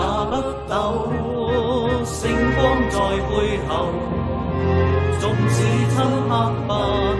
那北斗，星光在背後，縱使漆黑吧。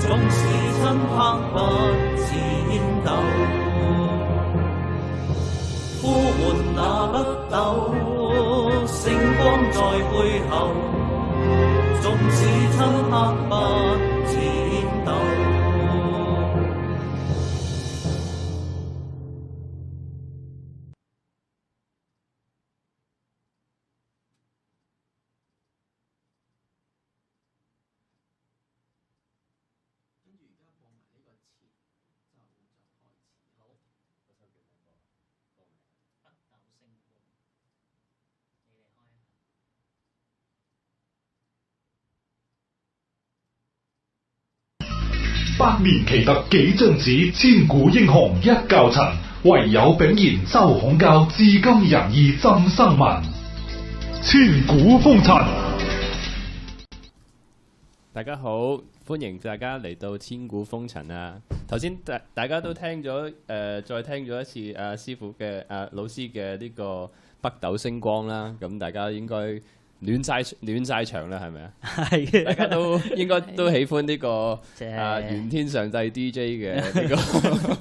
縱使漆黑不顫抖，呼喚那北斗，星光在背後。縱使漆黑不。百年奇特幾張紙，千古英雄一窖塵。唯有炳然周孔教，至今仁義浸生民。千古風塵。大家好，歡迎大家嚟到千古風塵啊！頭先大大家都聽咗誒、呃，再聽咗一次阿、呃、師傅嘅阿、呃、老師嘅呢個北斗星光啦，咁、呃、大家應該，暖晒暖曬場啦，係咪啊？係， 大家都應該都喜歡呢、呢個、 就係、啊，元天上帝 DJ 嘅呢個，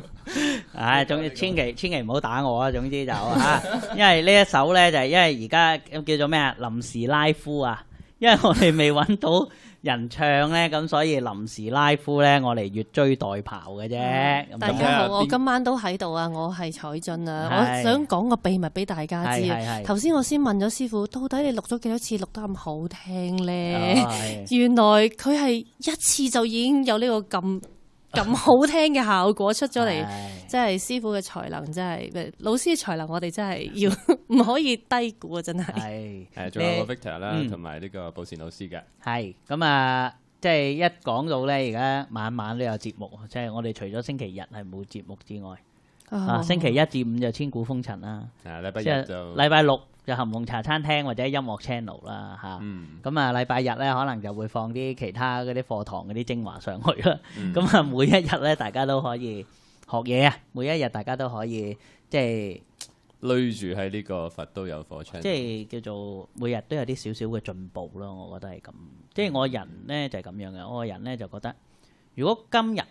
唉，總之千祈千祈唔好打我啊！總之， 總之就嚇，啊、 因為呢一首咧就係、係、因為而家叫做咩啊，臨時拉夫啊，因為我哋未揾到。 人唱咧，咁所以臨時拉夫咧，我嚟越追代跑嘅啫。嗯、大家好，我今晚都喺度啊，我係彩俊啊，是我想講個秘密俾大家知啊。頭先我先問咗師傅，到底你錄咗幾多次，錄得咁好聽咧？是 原來佢係一次就已經有呢、呢個咁。咁好聽嘅效果出咗嚟，即係師傅嘅才能，真係老師嘅才能，我哋真係要唔可以低估啊！真係。係，誒，仲有個 Victor 啦，同埋呢個寶善老師嘅。係，咁啊，即係一講到咧，而家晚晚都有節目，即係我哋除咗星期日係冇節目之外，啊，星期一至五就千古風塵啦。啊，禮拜日就禮拜六。就含夢茶餐廳或者音樂 channel 啦嚇，咁啊禮拜日咧，可能就會放啲其他嗰啲課堂嗰啲精華上去啦。咁啊每一日咧，大家都可以學嘢啊，每一日大家都可以即係累住喺呢個佛都有伙。即係叫做每日都有啲少少嘅進步咯，我覺得係咁。嗯、即係我人咧就係、是、咁樣嘅，我個人咧，就覺得如果今日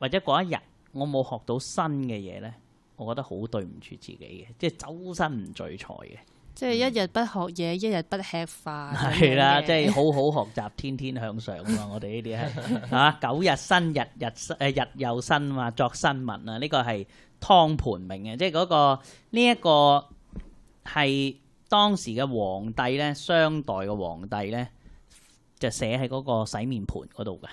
或者嗰一日我冇學到新嘅嘢咧，我覺得好對唔住自己嘅，即係周身唔聚財嘅。即係一日不學嘢，一日不吃飯，係啦、嗯，即係好好學習， 天天向上啊！我哋呢啲係啊，苟日新，日日新，日又新嘛、啊，作新民啊！呢個係湯盤銘啊，即係嗰、那個呢一、這個係當時嘅皇帝咧，商代嘅皇帝咧就寫喺嗰個洗面盤嗰度嘅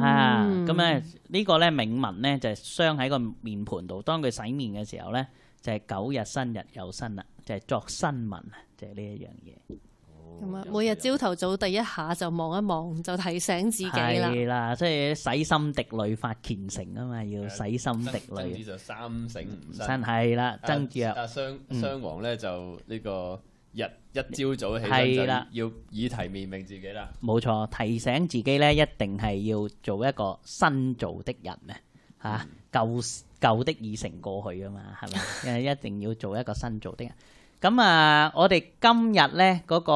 啊。咁咧、嗯啊、呢、這個咧銘文咧就係鑲喺個面盤度，當佢洗面嘅時候咧就係、是、苟日新，日又新啦。就係作新聞啊！就係呢一樣嘢。咁啊，每日朝頭早第一下就望一望，就提醒自己啦。係啦，即係洗心滌慮，發虔誠啊嘛，要洗心滌慮。甚至就三省吾身。真係啦，曾子啊。但係雙雙王咧，就呢個日一朝早起身就要以提面命自己啦。冇錯，提醒自己咧，一定係要做一個新造的人啊！嚇，舊舊的已成過去啊嘛，係咪？誒，一定要做一個新造的人。咁啊，我哋今日咧嗰個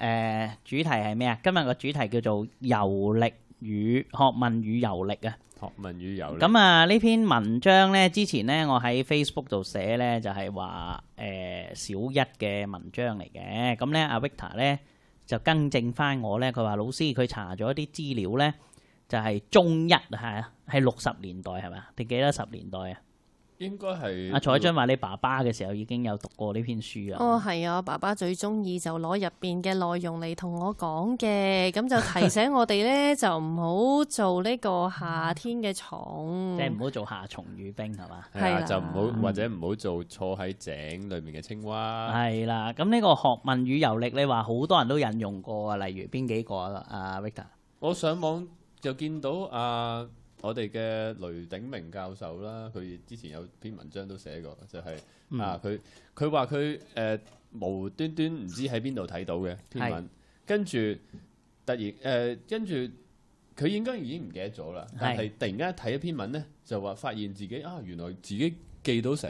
誒主題係咩啊？今日個主題叫做遊歷與學問與遊歷啊。學問與遊歷。咁啊，呢篇文章咧，之前咧我喺 Facebook 度寫咧，就係話誒小一嘅文章嚟嘅。咁咧，阿 Victor 咧就更正翻我咧，佢話老師，佢查咗啲資料咧，就係中一係啊，係六十年代係咪？定幾多十年代啊？應該係阿彩章話你爸爸嘅時候已經有讀過呢篇書啊！哦，係啊，爸爸最鍾意就攞入面嘅內容嚟同我講嘅，咁就提醒我哋咧 就唔好做呢個夏天嘅蟲，即係唔好做夏蟲語冰係嘛？係、啊、就唔好、嗯、或者唔好做坐喺井裏面嘅青蛙。係啦、啊，咁呢個學問與遊歷，你話好多人都引用過啊，例如邊幾個啊？阿、uh, Victor，我上網就見到啊。Uh, 我哋嘅雷鼎鳴教授啦，佢之前有篇文章都寫過，就係、是、啊佢佢話佢誒無端端唔知喺邊度睇到嘅篇文，是的 跟住突然誒、呃、跟住佢應該已經唔記得咗啦，但係突然間睇一,一篇文咧，就話發現自己啊，原來自己記到成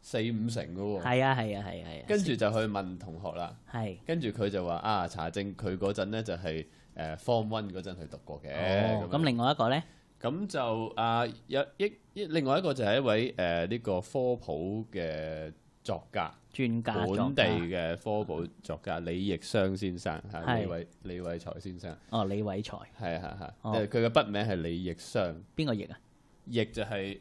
四五成㗎喎，係啊係啊係啊，跟住就去問同學啦，係跟住佢就話啊查證佢嗰陣咧就係、是、誒、呃、form one 嗰陣去讀過嘅。咁、哦、另外一個咧？咁就啊，一一一，另外一個就係一位誒呢個科普嘅作家，專家，本地嘅科普作家李逆熵先生嚇，李偉李偉才先生。哦，李偉才。係啊係啊，誒佢嘅筆名係李逆熵。邊個逆啊？逆就係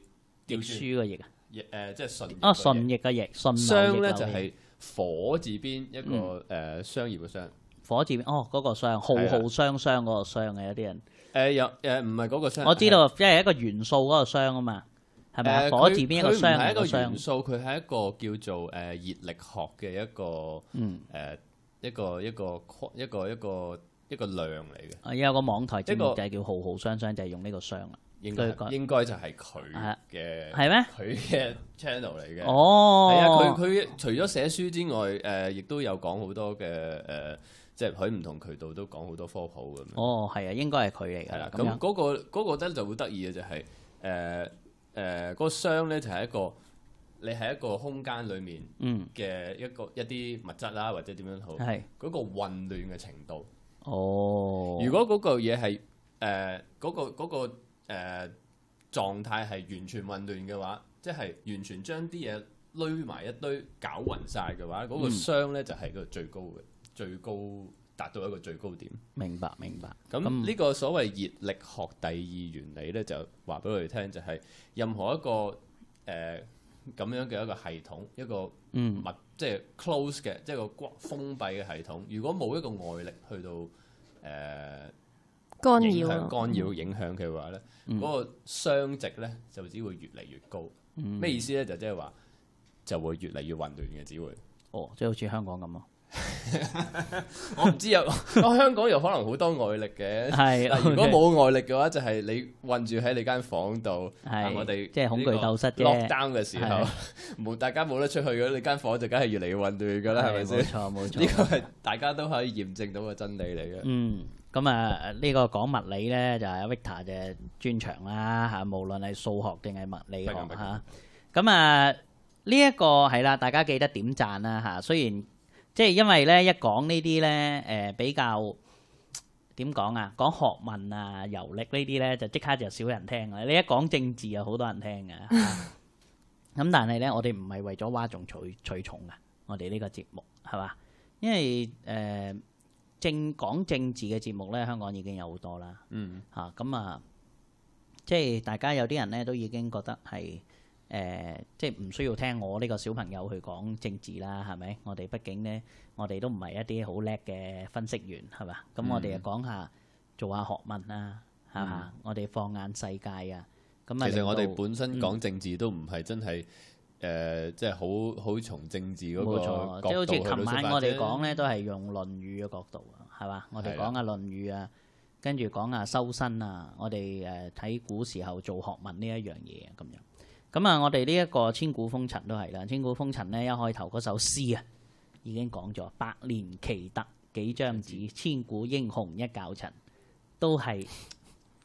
掉書個逆啊？逆誒，即係順。啊，順逆個逆。順商咧就係火字邊一個誒商業嘅商。火字邊哦，嗰個商，浩浩商商嗰個商嘅有啲人。誒，有誒，唔係嗰個箱。我知道，即係一個元素嗰個箱啊嘛，係咪啊？火字邊一個箱。唔係一個元素，佢係一個叫做誒熱力學嘅一個，嗯，誒一個一個一個一個一個量嚟嘅。啊，有個網台節目就叫《浩浩熵熵》，就係用呢個箱啊，應該應該就係佢嘅，係咩？佢嘅 channel 嚟嘅。哦，係啊，佢佢除咗寫書之外，誒，亦都有講好多嘅誒。即係喺唔同渠道都講好多科普咁，哦，係啊，應該係佢嚟嘅。係啦的，咁嗰樣、那個嗰、那個真、那個、就好得意嘅就係誒誒嗰個熵咧，就係、是呃呃那個就是、一個你喺一個空間裡面嘅一個、嗯、一啲物質啦，或者點樣好。係嗰的個混亂嘅程度。哦。如果嗰個嘢係誒嗰個嗰、那個誒、那個呃、狀態係完全混亂嘅話，即、就、係、是、完全將啲嘢攏埋一堆搞混晒嘅話，嗰、那個熵咧就係嗰個最高嘅。嗯最高達到一個最高點。明白，明白。咁呢個所謂熱力學第二原理咧，就話俾我哋聽，就係、是、任何一個誒咁、呃、樣嘅一個系統，一個物、嗯，即係 close 嘅，即係個關封閉嘅系統。如果冇一個外力去到誒、呃、干擾，干擾影響嘅話咧，嗰、嗯、個熵值咧就只會越嚟越高。咩、嗯、意思咧？就即係話就會越嚟越混亂嘅，只會。哦，即係好似香港咁啊！ 我唔知有、哦，香港有可能好多外力嘅。係， 如果冇外力嘅話，就係、是、你困住喺你間房度。係 的，我哋即係恐懼斗室嘅 lockdown 嘅時候，冇 的大家冇得出去，嘅。你間房就梗係越嚟越混亂噶啦，係咪先？冇錯，冇錯，呢個係大家都可以驗證到嘅真理嚟嘅。嗯，咁啊，呢個講物理咧，就係 Victor 嘅專長啦。吓，無論係數學定係物理吓，咁啊，呢一個係啦，大家記得點贊啦。吓，雖然。即係因為咧，一講呢啲咧，誒、呃、比較點講啊？講學問啊、遊歷呢啲咧，就即刻就少人聽啦。你一政、 呃、講政治，有好多人聽嘅。咁但係咧，我哋唔係為咗嘩眾取取寵嘅，我哋呢個節目係嘛？因為誒政講政治嘅節目咧，香港已經有好多啦、嗯啊。嗯。嚇咁啊！即係大家有啲人咧，都已經覺得係。誒、呃，即係唔需要聽我呢個小朋友去講政治啦，係咪？我哋畢竟呢，我哋都唔係一啲好叻嘅分析員，係嘛？咁我哋啊講下做下學問啦，係嘛？嗯、我哋放眼世界啊，咁、嗯、啊。其實我哋本身講政治都唔係真係誒，即係好好從政治嗰度去，即係好似琴晚我哋講呢，嗯、都係用《論語》嘅角度啊，係嘛？我哋講下《論語》啊、嗯，跟住講下修身啊。我哋誒睇古時候做學問呢一樣嘢咁樣。嗯。咁啊、嗯，我哋呢一個千古風塵都係啦。千古風塵呢，一開頭嗰首詩啊，已經講咗：百年奇特幾張紙，千古英雄一窖塵。都係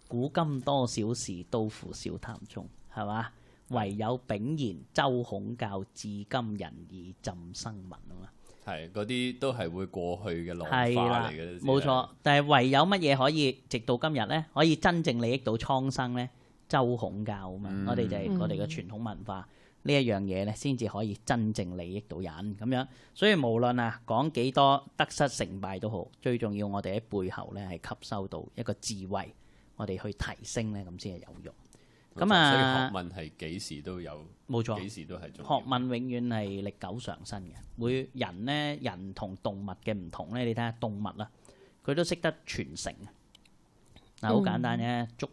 古今多少事，都付笑談中，係嘛？唯有炳然周孔教，至今仁義浸生民啊嘛。係嗰啲都係會過去嘅浪花嚟嘅，冇錯。但係唯有乜嘢可以直到今日呢，可以真正利益到蒼生呢？周孔教啊嘛，我哋就係我哋嘅傳統文化呢一樣嘢咧，先至可以真正利益到人咁樣。所以無論啊講幾多得失成敗都好，最重要我哋喺背後咧係吸收到一個智慧，我哋去提升咧咁先係有用。咁啊，學問係幾時都有，冇錯，幾時都係重要。學問永遠係歷久常新嘅。每人咧，人同動物嘅唔同咧，你睇下動物啦，佢都識得傳承啊。嗱，好簡單啫，捉。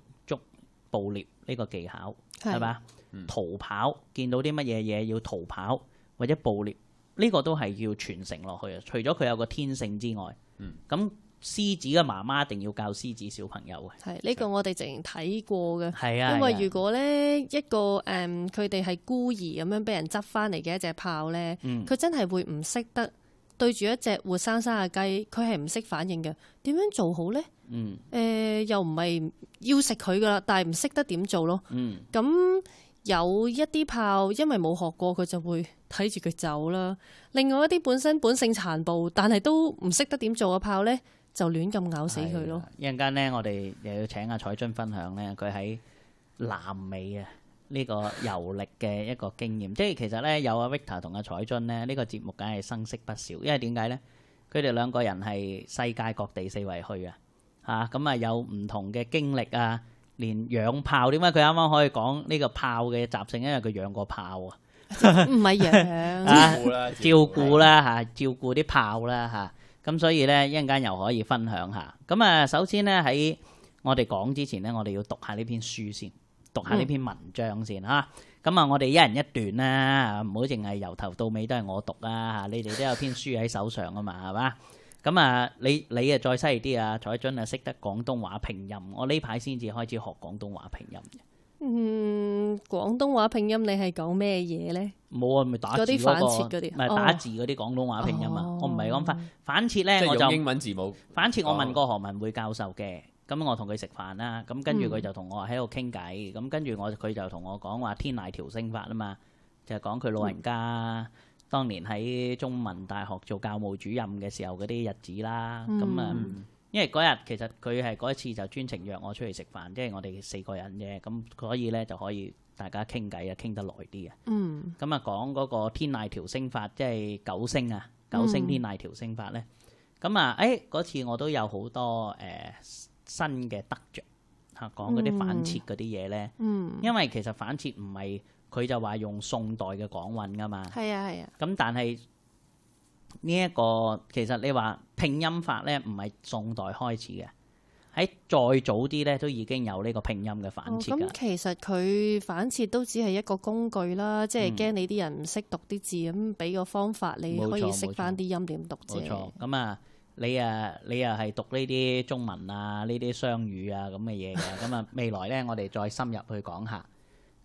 捕獵呢個技巧係嘛是？逃跑，見到啲乜嘢嘢要逃跑或者捕獵呢、呢個都係要傳承落去嘅。除咗佢有個天性之外，咁、嗯、獅子嘅媽媽一定要教獅子小朋友嘅。係呢、呢個我哋直情睇過嘅。係啊以，因為如果咧一個誒佢哋係孤兒咁樣俾人執翻嚟嘅一隻豹咧，佢、嗯、真係會唔識得。對住一隻活生生嘅雞，佢係唔識反應嘅。點樣做好呢？誒、嗯呃，又唔係要食佢㗎喇，但係唔識得點做咯。咁、嗯、有一啲豹，因為冇學過，佢就會睇住佢走啦。另外一啲本身本性殘暴，但係都唔識得點做嘅豹呢，就亂咁咬死佢咯。一陣間呢，我哋又要請阿彩樽分享呢，佢喺南美啊。呢個遊歷嘅一個經驗，即係其實咧有阿 Victor 同阿彩樽咧，呢個節目梗係生色不少。因為點解咧？佢哋兩個人係世界各地四圍去啊，嚇咁啊有唔同嘅經歷啊，連養炮點解佢啱啱可以講呢個炮嘅習性？因為佢養過炮啊，唔係養照顧啦嚇，照顧啲炮啦嚇，咁、嗯、所以咧一陣間又可以分享下。咁啊，首先咧喺我哋講之前咧，我哋要讀下呢篇書先。讀下呢篇文章先嚇，咁啊，我哋一人一段啦，唔好淨係由頭到尾都係我讀啊嚇，你哋都有篇書喺手上啊嘛，係嘛？咁啊，你你啊再犀利啲啊，彩樽啊識得廣東話拼音，我呢排先至開始學廣東話拼音嘅。嗯，廣東話拼音你係講咩嘢咧？冇啊，咪打字嗰個，唔係打字嗰啲廣東話拼音啊，我唔係講翻反切咧，我就英文字母。反切我問過何文匯教授嘅。咁我同佢食飯啦，咁跟住佢、嗯、就同我喺度傾偈。咁跟住我佢就同我講話天籟調聲法啊嘛，就係講佢老人家當年喺中文大學做教務主任嘅時候嗰啲日子啦。咁啊、嗯，因為嗰日其實佢係嗰一次就專程約我出去食飯，即、就、係、是、我哋四個人啫。咁所以咧就可以大家傾偈啊，傾得耐啲啊。嗯，咁啊，講嗰個天籟調聲法，即、就、係、是、九星啊，九星天籟調聲法咧。咁啊、嗯，誒嗰、哎、次我都有好多誒。呃新嘅得着，嚇講嗰啲反切嗰啲嘢咧，嗯嗯、因為其實反切唔係佢就話用宋代嘅廣韻噶嘛，係啊係啊。咁、嗯、但係呢一個其實你話拼音法咧，唔係宋代開始嘅，喺再早啲咧都已經有呢個拼音嘅反切，咁其實佢反切都只係一個工具啦，即係驚你啲人唔識讀啲字，咁俾個方法你可以識翻啲音點讀啫。咁、嗯、啊。你誒、啊，你又、啊、係讀呢啲中文啊，呢啲雙語啊咁嘅嘢嘅，咁啊 未來呢，我哋再深入去講下。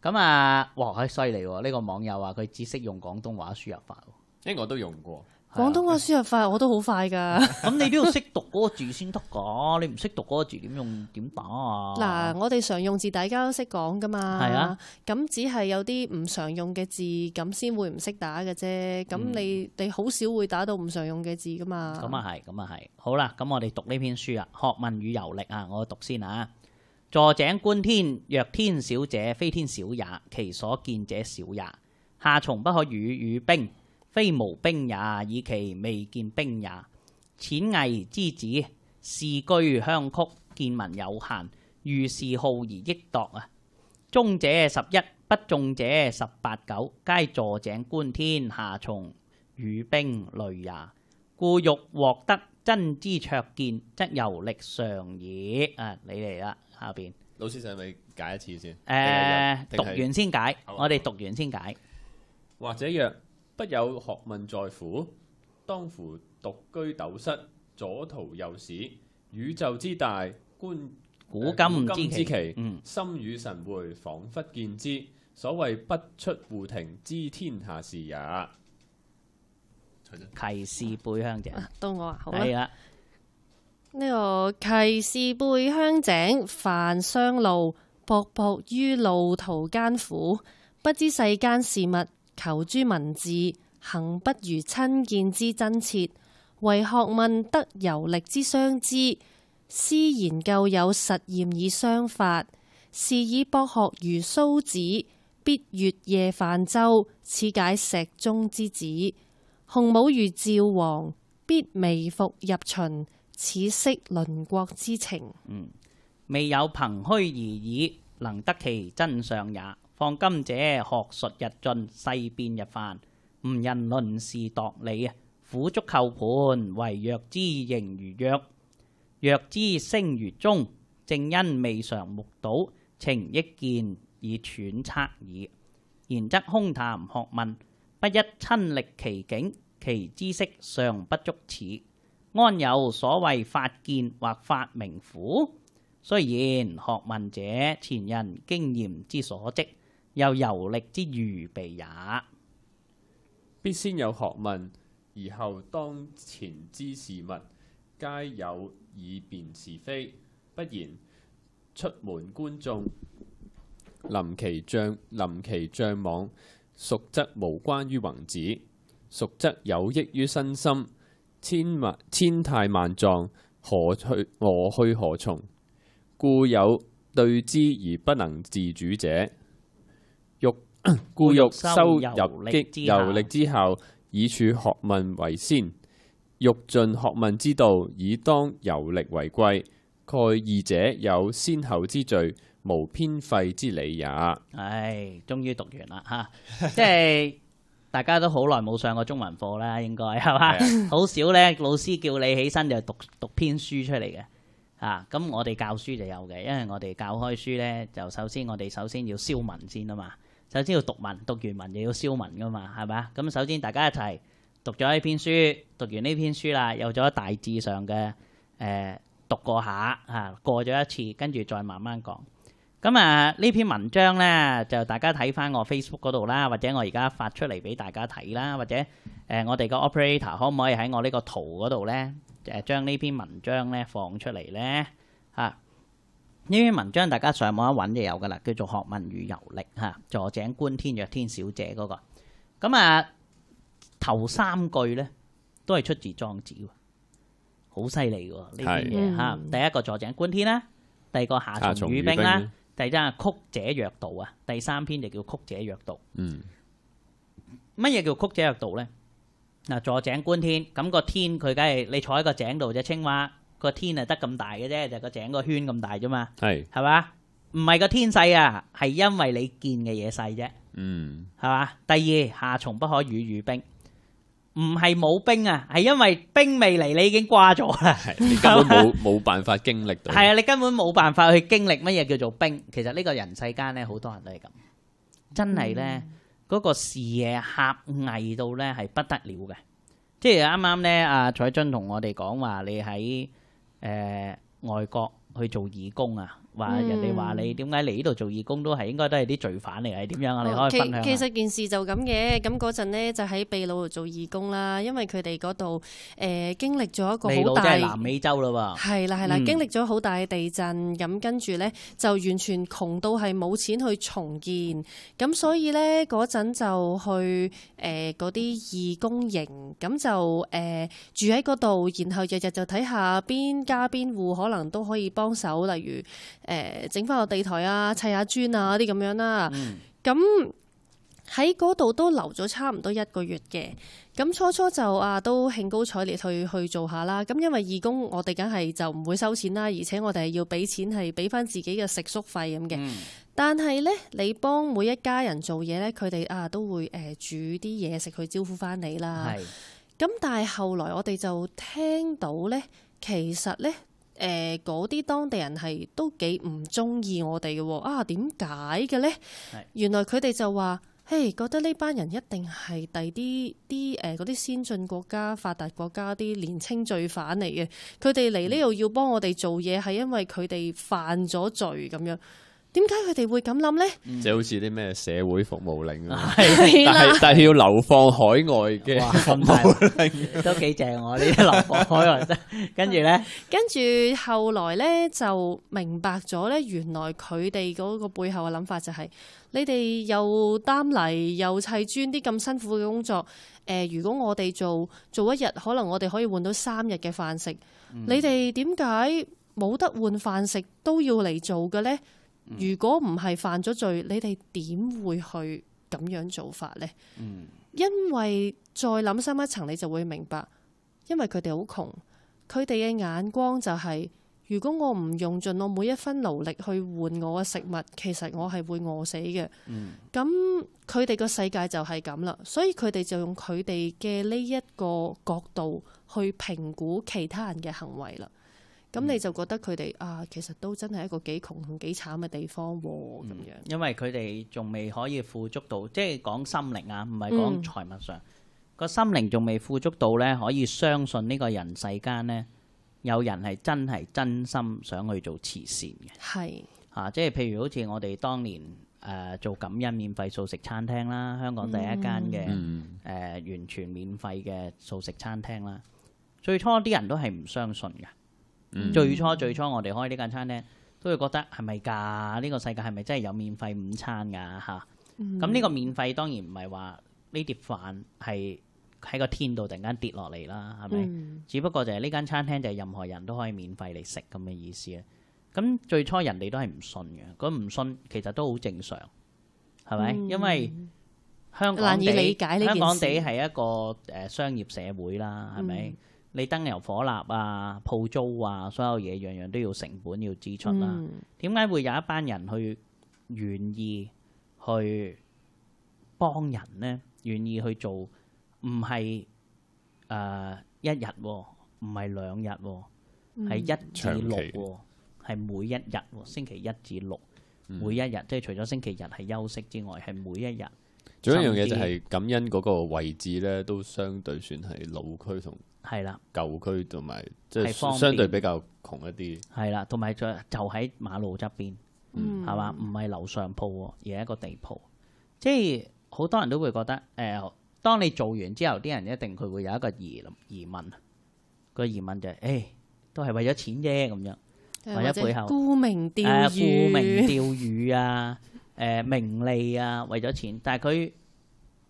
咁啊，哇嗨，犀利喎！呢、呢個網友話佢只識用廣東話輸入法喎。呢個我都用過。廣東話輸入法我都好快噶，咁你都要識讀嗰個字先得噶，你唔識讀嗰個字點用點打啊？嗱，我哋常用字大家都識講噶嘛，係啊，咁只係有啲唔常用嘅字，咁先會唔識打嘅啫。咁你你好少會打到唔常用嘅字噶嘛？咁啊係，咁啊係。好啦，咁我哋讀呢篇書啊，《學問與遊歷》啊，我讀先啊。坐井觀天，若天小者，非天小也，其所見者小也。夏蟲不可語與冰。非無冰也，以其未見冰也。淺魏之子，仕居鄉曲，見聞有限，遇事好而益度。啊！中者十一，不中者十八九，皆坐井觀天，夏蟲語冰類也。故欲獲得真知灼見，則遊歷上矣。啊，你嚟啦，下邊。老師想係咪解一次先？誒、呃，讀完先解。啊、我哋讀完先解。或者若？不有學問在乎，當乎獨居斗室，左圖右史，宇宙之大，觀、呃、古今之奇，之嗯、心與神會，仿佛見之。所謂不出戶庭，知天下事也。騎士背鄉井。啊，到我啊，好啦，這個。呢個騎士背鄉井，凡商路，僕僕於路途艱苦，不知世間事物。求諸文字，行不如親見之真切；為學問得遊歷之相知，思研究有實驗以相發。是以博學如蘇子，必月夜泛舟，此解石中之旨。雄武如趙王，必微服入秦，此識鄰國之情。嗯，未有憑虛而已，能得其真相也。放今者學術日進，世變日繁，吾人論事度理啊，苦足扣盤，唯若之形如若，若之聲如鐘，正因未嘗目睹情益見以揣測矣。然則空談學問，不一親歷其境，其知識尚不足此，安有所謂發見或發明乎？雖然學問者前人經驗之所積。又遊歷之預備也，必先有學問，而後當前之事物皆有以辨是非。不然，出門觀眾，臨其障，臨其障網，孰則無關於宏旨？孰則有益於身心？千萬千態萬狀，何去何去何從？故有對之而不能自主者。.故欲收入激遊歷之後，以處學問為先；欲盡學問之道，以當遊歷為貴。蓋二者有先後之序，無偏廢之理也。唉、哎，終於讀完啦吓， 即係大家都好耐冇上過中文課啦，應該係嘛？好 少咧，老師叫你起身就讀讀篇書出嚟嘅吓。咁、啊嗯、我哋教書就有嘅，因為我哋教開書咧，就首先我哋首先要消文先啊嘛。首先要讀文，讀完文又要消文㗎嘛，係嘛？咁首先大家一齊讀咗呢篇書，讀完呢篇書啦，有咗大致上嘅誒讀過下啊，過咗一次，跟住再慢慢講。咁、嗯、啊，呢篇文章咧就大家睇返我 Facebook 嗰度啦，或者我而家發出嚟俾大家睇啦，或者誒、呃、我哋個 operator 可唔可以喺我呢個圖嗰度咧誒將呢篇文章咧放出嚟咧啊？呢篇文章大家上網一揾就有噶啦，叫做《學問與遊歷》嚇，坐井觀天曰天小者嗰個。咁啊，頭三句咧都係出自莊子，好犀利嘅呢啲嘢嚇。第一個坐井觀天啦，第二個夏蟲語冰啦，第三曲者若道啊。第三篇就叫曲者若道。嗯。乜嘢叫曲者若道咧？嗱，坐井觀天，咁個天佢梗係你坐喺個井度啫，青蛙。個天啊，得咁大嘅啫，就個、是、整個圈咁大啫嘛，係是，係嘛，唔係個天細啊，係因為你見嘅嘢細啫，嗯，係嘛。第二，夏蟲不可與語冰，唔係冇冰啊，係因為冰未嚟，你已經掛咗啦，你根本冇冇 辦法經歷到。係啊，你根本冇辦法去經歷乜嘢叫做冰。其實呢個人世間咧，好多人都係咁，真係咧，嗰、嗯、個視野狹隘到咧係不得了嘅。即係啱啱咧，阿、啊、彩樽同我哋講話，你喺。誒、呃，外國去做義工啊！話人哋話你點解嚟呢度做義工都係應該都係啲罪犯嚟係點樣啊？你可以分享下。其其實件事就咁嘅，咁嗰陣咧就喺秘魯度做義工啦，因為佢哋嗰度誒經歷咗一個好大。秘魯都係南美洲啦喎。係啦係啦，經歷咗好大嘅地震，咁、嗯、跟住咧就完全窮到係冇錢去重建，咁所以咧嗰陣就去誒嗰啲義工營，咁就誒、呃、住喺嗰度，然後日日就睇下邊家邊戶可能都可以幫手，例如。誒整翻個地台啊，砌下磚啊，嗰啲咁樣啦。咁喺嗰度都留咗差唔多一個月嘅。咁初初就啊都興高采烈去去做下啦。咁因為義工我哋梗係就唔會收錢啦，而且我哋係要俾錢係俾翻自己嘅食宿費咁嘅。嗯、但係呢，你幫每一家人做嘢呢，佢哋啊都會誒煮啲嘢食去招呼翻你啦。咁是的 但係後來我哋就聽到呢，其實呢。誒嗰啲當地人係都幾唔中意我哋嘅喎，啊點解嘅咧？原來佢哋就話，嘿覺得呢班人一定係第啲啲誒嗰啲先進國家、發達國家啲年輕罪犯嚟嘅，佢哋嚟呢度要幫我哋做嘢係因為佢哋犯咗罪咁樣。點解佢哋會咁諗咧？就好似啲咩社會服務令咁，但係但係要流放海外嘅服務令都幾正。我呢啲流放海外真跟住咧，跟住後來咧就明白咗咧。原來佢哋嗰個背後嘅諗法就係你哋又擔泥又砌磚啲咁辛苦嘅工作。誒，如果我哋做做一日，可能我哋可以換到三日嘅飯食。你哋點解冇得換飯食都要嚟做嘅咧？如果唔係犯咗罪，你哋點會去咁樣做法呢？嗯、因為再諗深一層，你就會明白，因為佢哋好窮，佢哋嘅眼光就係、是，如果我唔用盡我每一分勞力去換我嘅食物，其實我係會餓死嘅。咁佢哋個世界就係咁啦，所以佢哋就用佢哋嘅呢一個角度去評估其他人嘅行為啦。咁你就覺得佢哋啊，其實都真係一個幾窮幾慘嘅地方喎、啊，咁樣、嗯。因為佢哋仲未可以富足到，即係講心靈啊，唔係講財物上個、嗯、心靈仲未富足到咧，可以相信呢個人世間咧有人係真係真心想去做慈善嘅。係是啊，即係譬如好似我哋當年誒、呃、做感恩免費素食餐廳啦，香港第一間嘅誒、嗯嗯呃、完全免費嘅素食餐廳啦，最初啲人都係唔相信嘅。最初最初我哋開呢間餐廳，都會覺得係咪㗎？呢、呢個世界係咪真係有免費午餐㗎？嚇、嗯！咁呢個免費當然唔係話呢碟飯係喺個天度突然間跌落嚟啦，係咪？嗯、只不過就係呢間餐廳就係任何人都可以免費嚟食咁嘅意思啊！咁最初人哋都係唔信嘅，佢唔信其實都好正常，係咪？嗯、因為香港難以理解，香港地係一個誒商業社會啦，係咪？嗯你燈油火蠟啊，鋪租啊，所有嘢樣樣都要成本要支出啦。點解會有一班人去願意去幫人咧？願意去做唔係誒一日，唔係兩日，係一至六，係每一日，星期一至六每一日，即係除咗星期日係休息之外，係每一日。仲有一樣嘢就係感恩嗰個位置咧，都相對算係老區同，係啦，舊區同埋即係相對比較窮一啲。係啦，同埋就就喺馬路側邊，係嘛、嗯？唔係樓上鋪，而係一個地鋪。即係好多人都會覺得，誒、呃，當你做完之後，啲人一定佢會有一個疑疑問。個疑問就係，誒、欸，都係為咗錢啫，咁樣為咗背後沽名釣譽，沽名釣譽啊！誒、呃，名利啊，為咗錢，但係佢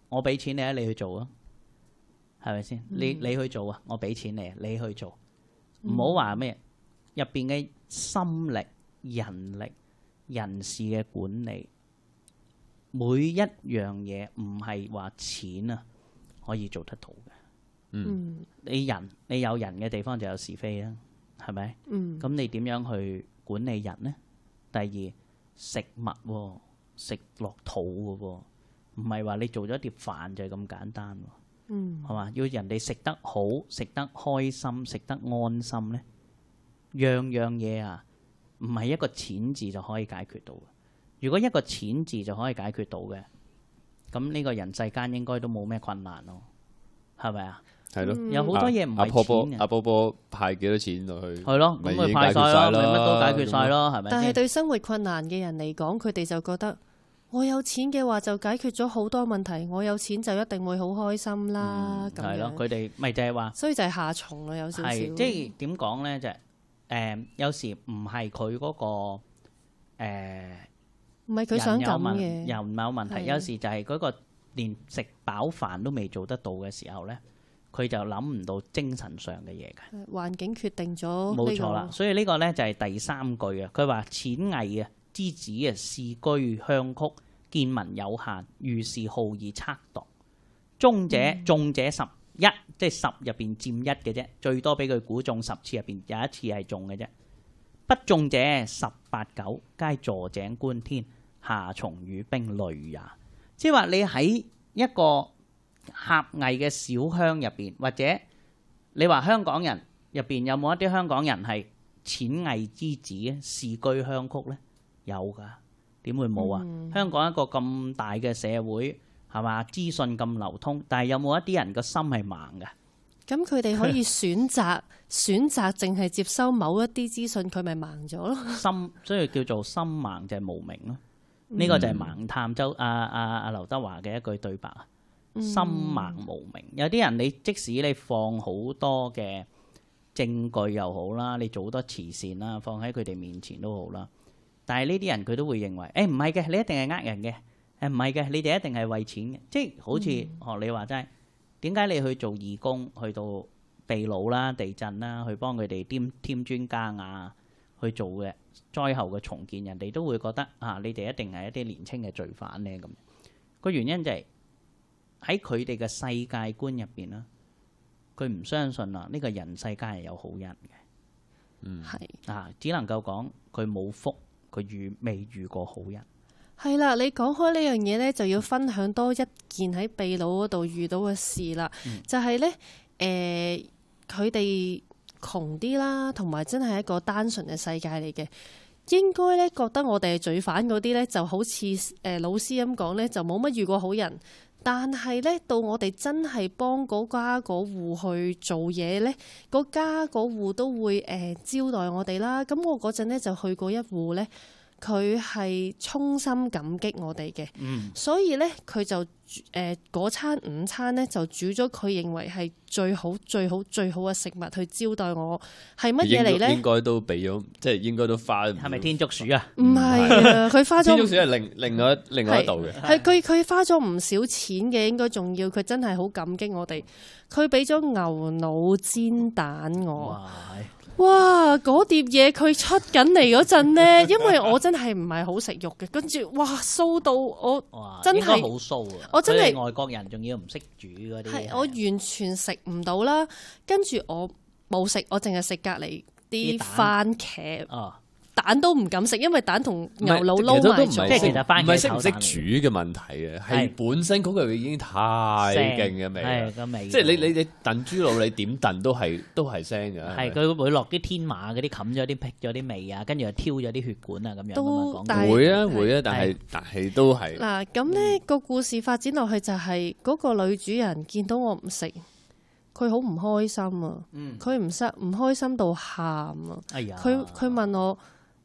我俾錢你，你去做啊！係咪先？嗯、你你去做啊！我俾錢你，你去做，唔好話咩？入邊嘅心力、人力、人事嘅管理，每一樣嘢唔係話錢啊可以做得到嘅。嗯，你人你有人嘅地方就有是非啦，係咪？嗯，咁你點樣去管理人咧？第二，食物、哦、食落肚嘅唔係話你做咗碟飯就係咁簡單喎。嗯，係嘛？要人哋食得好、食得開心、食得安心咧，樣樣嘢啊，唔係一個錢字就可以解決到嘅。如果一個錢字就可以解決到嘅，咁呢個人世間應該都冇咩困難咯，係咪啊？係咯，有好多嘢唔係錢。阿波波，派幾多錢落去？係咯，咁咪派晒咯，咪乜都解決晒咯，係咪？但係對生活困難嘅人嚟講，佢哋就覺得。我有錢嘅話就解決咗好多問題，我有錢就一定會好開心啦。咁、嗯、樣，佢哋咪就係、係、話，所以就係下重咯，有少少。即係點講咧？就誒、係呃，有時唔係佢嗰個唔係佢想，又唔係人有問題。有時就係嗰個連食飽飯都未做得到嘅時候咧，佢的就諗唔到精神上嘅嘢嘅。環境決定咗、呢個。冇錯啦，所以呢個咧就係第三句啊。佢話：錢藝啊，之子啊，仕居鄉曲。見聞有限，如是好以測度。中者中者十一， 即係十入邊佔一嘅啫，最多俾佢估中十次入邊有一次係中嘅啫。不中者十八九，皆坐井觀天，夏蟲語冰，類也。即係話你喺一個狹隘嘅小鄉入邊，或者你話香港人入邊有冇一啲香港人係淺隘之子，士居鄉曲呢？有噶。點會冇啊？嗯、香港一個咁大嘅社會，係嘛，資訊咁流通，但係有冇一啲人個心係盲嘅？咁佢哋可以選擇 選擇，淨係接收某一啲資訊，佢咪盲咗咯？心所以叫做心盲就係無明咯。呢、嗯、個就係盲探周阿阿阿劉德華嘅一句對白啊。心盲無明」嗯。有啲人你即使你放好多嘅證據又好啦，你做好多慈善啦，放喺佢哋面前都好啦。但係呢啲人佢都會認為，誒唔係嘅，你一定係呃人嘅，誒唔係嘅，你哋一定係為錢嘅，即係好似學你話齋，點解你去做義工去到秘魯啦、啊、地震啦、啊，去幫佢哋添添磚加瓦去做嘅災後嘅重建，人哋都會覺得嚇、啊、你哋一定係一啲年輕嘅罪犯咧、啊、咁。個原因就係喺佢哋嘅世界觀入邊啦，佢唔相信啊呢、呢個人世間係有好人嘅，嗯係啊，是只能夠講佢冇福。佢遇未遇過好人？係啦，你講開呢樣嘢呢，就要分享多一件喺秘魯嗰度遇到嘅事啦。嗯、就係、是、呢，誒、呃，佢哋窮啲啦，同埋真係一個單純嘅世界嚟嘅，應該呢，覺得我哋係罪犯嗰啲呢，就好似誒老師咁講呢，就冇乜遇過好人。但係呢，到我哋真係幫嗰家嗰戶去做嘢呢，嗰家嗰戶都會誒、呃、招待我哋啦。咁我嗰陣呢就去過一戶呢。佢係衷心感激我哋嘅，嗯、所以咧佢就誒嗰、呃、餐午餐咧就煮咗佢認為係最好最好最好嘅食物去招待我，係乜嘢嚟咧？應該都俾咗，即係應該都花。係咪天竺鼠啊？唔係啊，佢花咗。 天竺鼠係另另外 是另外一道嘅。係佢佢花咗唔少錢嘅，應該仲要。佢真係好感激我哋。佢俾咗牛腦煎蛋我。哇！嗰碟嘢佢出緊嚟嗰陣呢， 因為我真係唔係好食肉嘅，跟住哇臊到我真，真係應該好臊啊！我真係外國人仲要唔識煮嗰啲，係我完全食唔到啦。跟住我冇食，我淨係食隔離啲番茄啊。蛋都唔敢食，因為蛋同牛腦撈埋，即係其實翻嘅頭唔係識唔識煮嘅問題啊，係本身嗰個已經太勁嘅味。即係你你你燉豬腦，你點燉都係都係腥嘅。係佢會落啲天麻嗰啲冚咗啲辟咗啲味啊，跟住又挑咗啲血管啊，咁樣。都會啊會啊，但係但係都係。嗱咁呢個故事發展落去就係嗰個女主人見到我唔食，佢好唔開心啊！佢唔失唔開心到喊啊！哎呀，佢佢問我。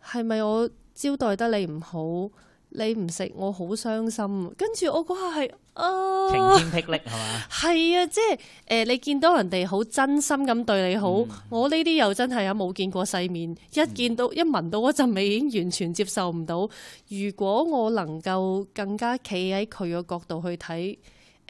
係咪我招待得你唔好？你唔食，我好傷心。跟住我嗰下係啊！晴天霹靂係嘛？係啊，即係誒，你見到人哋好真心咁對你好，嗯、我呢啲又真係啊冇見過世面，一見到一聞到嗰陣味，已經完全接受唔到。如果我能夠更加企喺佢嘅角度去睇。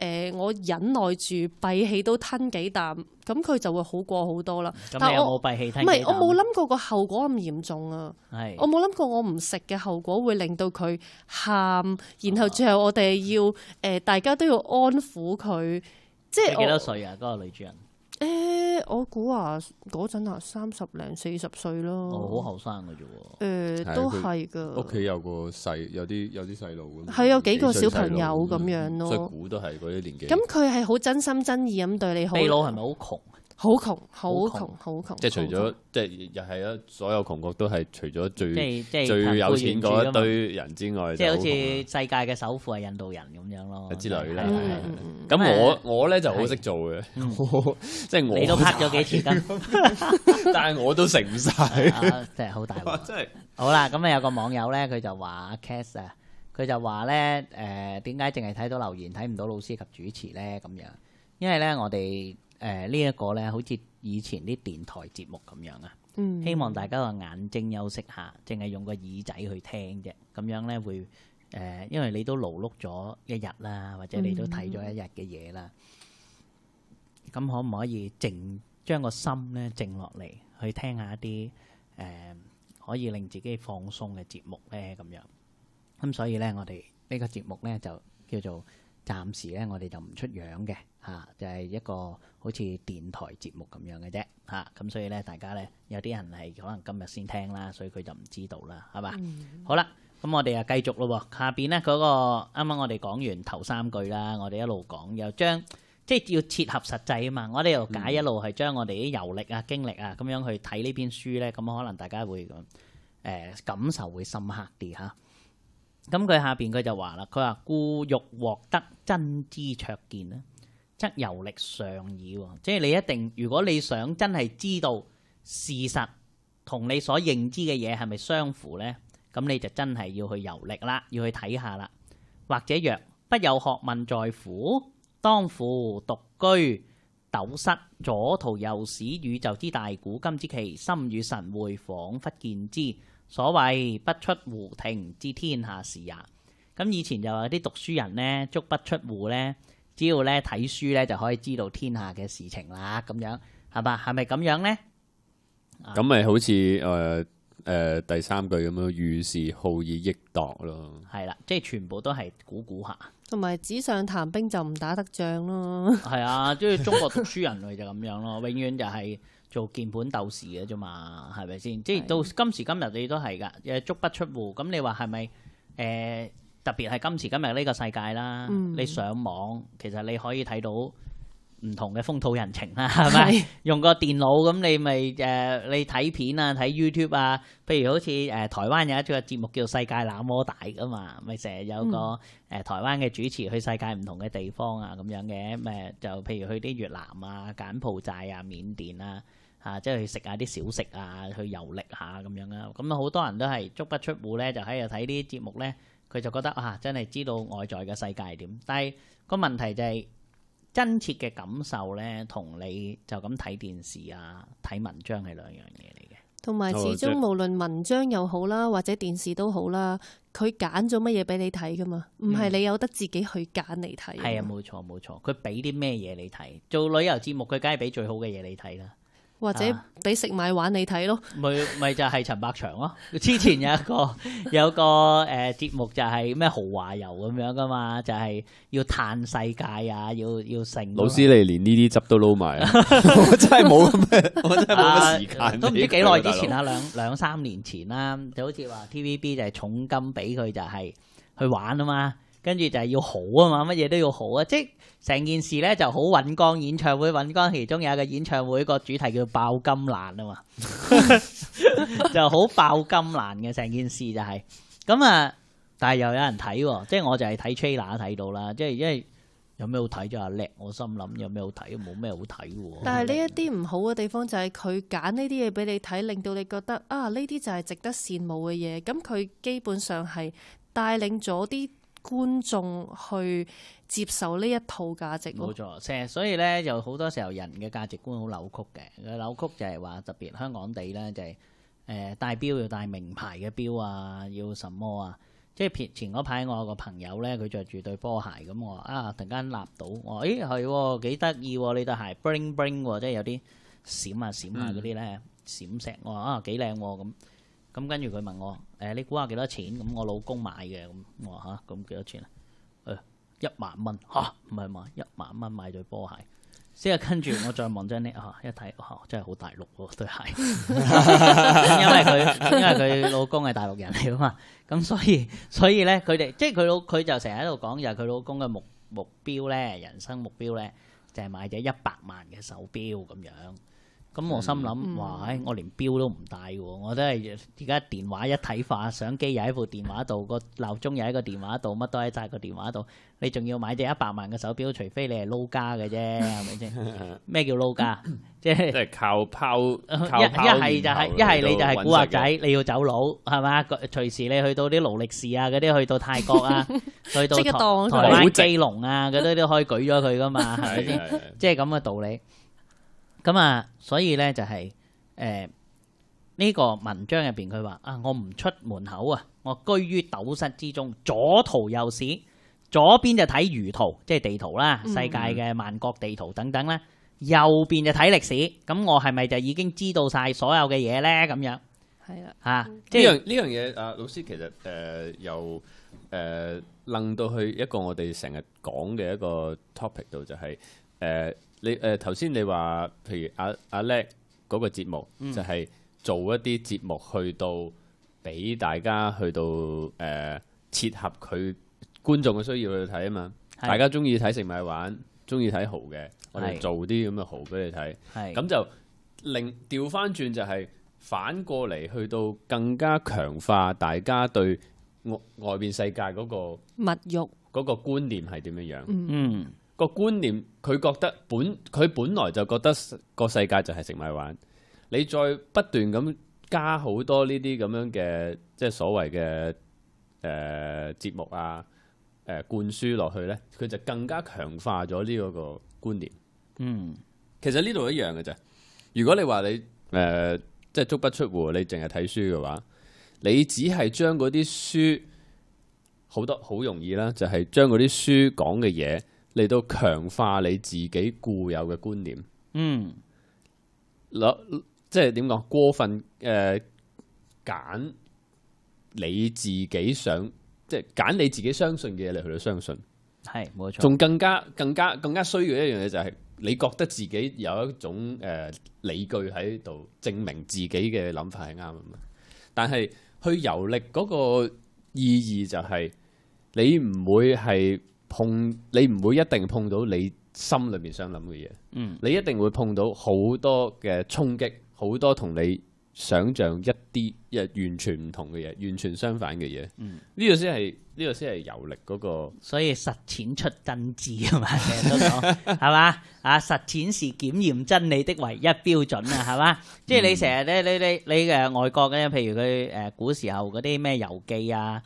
誒、呃，我忍耐住閉氣都吞幾啖，咁佢就會好過好多啦。但係我唔係，我冇諗過個後果咁嚴重啊！係。我冇諗過我唔食嘅後果會令到佢喊，然後最後我哋要誒、哦呃，大家都要安撫佢。即係你幾多歲啊？嗰個女主人？誒、欸，我估啊，嗰陣啊，三十零四十歲咯。好後生㗎啫喎。都係噶。屋企有個細，有啲有啲細路咁。係有幾個小朋友咁樣咯。所以估都係嗰啲年紀。咁佢係好真心真意咁對你好。未老係咪好窮？好窮，好窮，好窮！即係除咗，即係又係咯，所有窮國都係除咗最最有錢嗰一堆人之外，即係好似世界嘅首富係印度人咁樣咯，之類咧。咁我我咧就好識做嘅，即係我你都拍咗幾次㗎，但係我都食唔晒，即係好大鑊，真係好啦。咁啊，有個網友咧，佢就話阿 Kaz 啊，佢就話咧，誒，點解淨係睇到留言睇唔到老師及主持咧？咁樣，因為咧我哋。誒呢一個咧，好似以前啲電台節目咁樣啊！嗯、希望大家個眼睛休息下，淨係用個耳仔去聽啫。咁樣咧會誒、呃，因為你都勞碌咗一日啦，或者你都睇咗一日嘅嘢啦。咁、嗯、可唔可以靜將個心咧靜落嚟，去聽下一啲誒、呃、可以令自己放鬆嘅節目咧？咁樣。咁、嗯、所以咧，我哋呢個節目咧就叫做暫時咧，我哋就唔出樣嘅嚇、啊，就係、是、一個。好似電台節目咁樣嘅啫，嚇、啊、咁所以咧，大家咧有啲人係可能今日先聽啦，所以佢就唔知道啦，係嘛？嗯、好啦，咁我哋又繼續咯喎，下邊咧嗰個啱啱我哋講完頭三句啦，我哋一路講又將即係要切合實際啊嘛，我哋又解、嗯、一路係將我哋啲遊歷啊、經歷啊咁樣去睇呢篇書咧，咁可能大家會誒、呃、感受會深刻啲吓。咁、啊、佢下邊佢就話啦，佢話故欲獲得真知灼見咧。則遊歷上矣，即係你一定，如果你想真係知道事實同你所認知嘅嘢係咪相符呢，咁你就真係要去遊歷啦，要去睇下啦。或者若不有學問在府，當父獨居斗室，左圖右史，宇宙之大，古今之奇，心與神會，彷彿見之。所謂不出戶庭知天下事也。咁以前就話啲讀書人呢，足不出戶呢。只要咧睇書咧就可以知道天下嘅事情啦，咁樣係吧？係咪咁樣咧？咁咪好似誒誒第三句咁咯，遇事好以臆度咯。係啦，即係全部都係估估下，同埋紙上談兵就唔打得仗咯。係啊，即係中國讀書人類就咁樣咯， 永遠就係做鍵盤鬥士嘅啫嘛，係咪先？的即係到今時今日你都係噶，誒足不出戶，咁你話係咪誒？呃特別係今時今日呢個世界啦，嗯、你上網其實你可以睇到唔同嘅風土人情啦，係咪是？ 用個電腦咁、呃，你咪誒，你睇片啊，睇 YouTube 啊，譬如好似誒、呃、台灣有一出個節目叫《世界那麼大》噶嘛，咪成日有個誒、呃、台灣嘅主持去世界唔同嘅地方啊咁樣嘅，咁、嗯、就譬如去啲越南啊、柬埔寨啊、緬甸啊，嚇、啊、即係去食下啲小食啊，去遊歷下咁樣啦。咁啊，好多人都係足不出戶咧，就喺度睇啲節目咧。佢就覺得啊，真係知道外在嘅世界點，但係個問題就係、是、真切嘅感受咧，同你就咁睇電視啊、睇文章係兩樣嘢嚟嘅。同埋始終無論文章又好啦，或者電視都好啦，佢揀咗乜嘢俾你睇噶嘛？唔係你有得自己去揀嚟睇。係啊、嗯，冇錯冇錯，佢俾啲咩嘢你睇？做旅遊節目，佢梗係俾最好嘅嘢你睇啦。或者俾食米玩你睇咯，咪咪、啊、 就係陳百祥咯。之前有一個有一個誒、呃、節目就係咩豪華遊咁樣噶嘛，就係、是、要嘆世界啊，要要盛。老師你連呢啲汁都撈埋啊！我真係冇咁，我真係冇乜時間，都唔知幾耐之前啦，兩兩 三年前啦，就好似話 TVB 就係重金俾佢就係去玩啊嘛。跟住就係要好啊嘛，乜嘢都要好啊，即係成件事咧就好尹光演唱會，尹光其中有一個演唱會個主題叫爆金蘭啊嘛， 就好爆金蘭嘅成件事就係、是、咁啊。但係又有人睇、啊，即係我就係睇 trailer 睇到啦，即係因為有咩好睇就阿叻，我心諗有咩好睇？冇咩好睇嘅、啊。但係呢一啲唔好嘅地方就係佢揀呢啲嘢俾你睇，令到你覺得啊呢啲就係值得羨慕嘅嘢。咁佢基本上係帶領咗啲。觀眾去接受呢一套價值冇錯。成所以咧就好多時候人嘅價值觀好扭曲嘅，扭曲就係話特別香港地咧就係誒戴錶要戴名牌嘅錶啊，要什麼啊？即係前前嗰排我有個朋友咧，佢着住對波鞋咁，我啊突然間立到，我話：咦係幾得意喎？你對鞋 Bring Bring 喎，即係有啲閃啊閃啊嗰啲咧閃石，我話啊幾靚喎咁。咁跟住佢問我，誒、欸、你估下幾多錢？咁、嗯、我老公買嘅，咁我話吓，咁、嗯、幾、嗯、多錢、哎、啊？誒一萬蚊吓，唔係嘛？一萬蚊買對波鞋。之後跟住我再望張呢嚇，一睇、啊、真係好大陸喎對鞋，因為佢因為佢老公係大陸人嚟㗎嘛。咁所以所以咧，佢哋即係佢老佢就成日喺度講，就係佢老公嘅目目標咧，人生目標咧，就係、是、買咗一百萬嘅手錶咁樣。咁我、嗯嗯、心諗，哇！我連錶都唔帶，我都係而家電話一體化，相機又喺部電話度，個鬧鐘又喺個電話度，乜都喺晒個電話度。你仲要買隻一百萬嘅手錶，除非你係撈家嘅啫，係咪先？咩 叫撈家 ？即係即係靠拋，一係就係一係你就係古惑仔，你要走佬，係嘛？隨時你去到啲勞力士啊，嗰啲去到泰國啊， 去到台灣基隆啊，嗰啲都可以舉咗佢噶嘛，係咪先？即係咁嘅道理。咁啊、嗯，所以咧就係誒呢個文章入邊佢話啊，我唔出門口啊，我居於斗室之中，左圖右史，左邊就睇輿圖，即係地圖啦，世界嘅萬國地圖等等啦，右邊就睇歷史，咁我係咪就已經知道晒所有嘅嘢咧？咁樣係啦，吓，即係呢樣呢樣嘢啊，老師其實誒由誒楞到去一個我哋成日講嘅一個 topic 度就係、是、誒。呃你誒頭先你話，譬如阿阿叻嗰個節目，嗯、就係做一啲節目去到俾大家去到誒、呃、切合佢觀眾嘅需要去睇啊嘛。是的 大家中意睇食物玩，中意睇蠔嘅，我哋做啲咁嘅蠔俾你睇。係咁。是的 就令調翻轉，就係反過嚟去到更加強化大家對外外邊世界嗰、那個物慾嗰個觀念係點樣樣？嗯。嗯個觀念，佢覺得本佢本來就覺得個世界就係食埋玩，你再不斷咁加好多呢啲咁樣嘅即係所謂嘅誒、呃、節目啊誒、呃、灌輸落去呢，佢就更加強化咗呢個個觀念。嗯，其實呢度一樣嘅啫。如果你話你誒、呃、即係足不出戶，你淨係睇書嘅話，你只係將嗰啲書好多好容易啦，就係將嗰啲書講嘅嘢。嚟到強化你自己固有嘅觀念，嗯，嗱即係點講過分誒揀、呃、你自己想，即係揀你自己相信嘅嘢嚟去到相信，係冇錯。仲更加更加更加衰嘅一樣嘢就係你覺得自己有一種誒、呃、理據喺度證明自己嘅諗法係啱啊嘛。但係去遊歷嗰個意義就係你唔會係。碰你唔會一定碰到你心裏面想諗嘅嘢，嗯，你一定會碰到好多嘅衝擊，好多同你想象一啲一完全唔同嘅嘢，完全相反嘅嘢，嗯，呢個先係呢個先係遊歷嗰個，所以實踐出真知啊嘛，成日都講係嘛啊，實踐是檢驗真理的唯一標準啊，係嘛，嗯、即係你成日咧，你你你誒、呃、外國嘅，譬如佢誒、呃、古時候嗰啲咩遊記啊。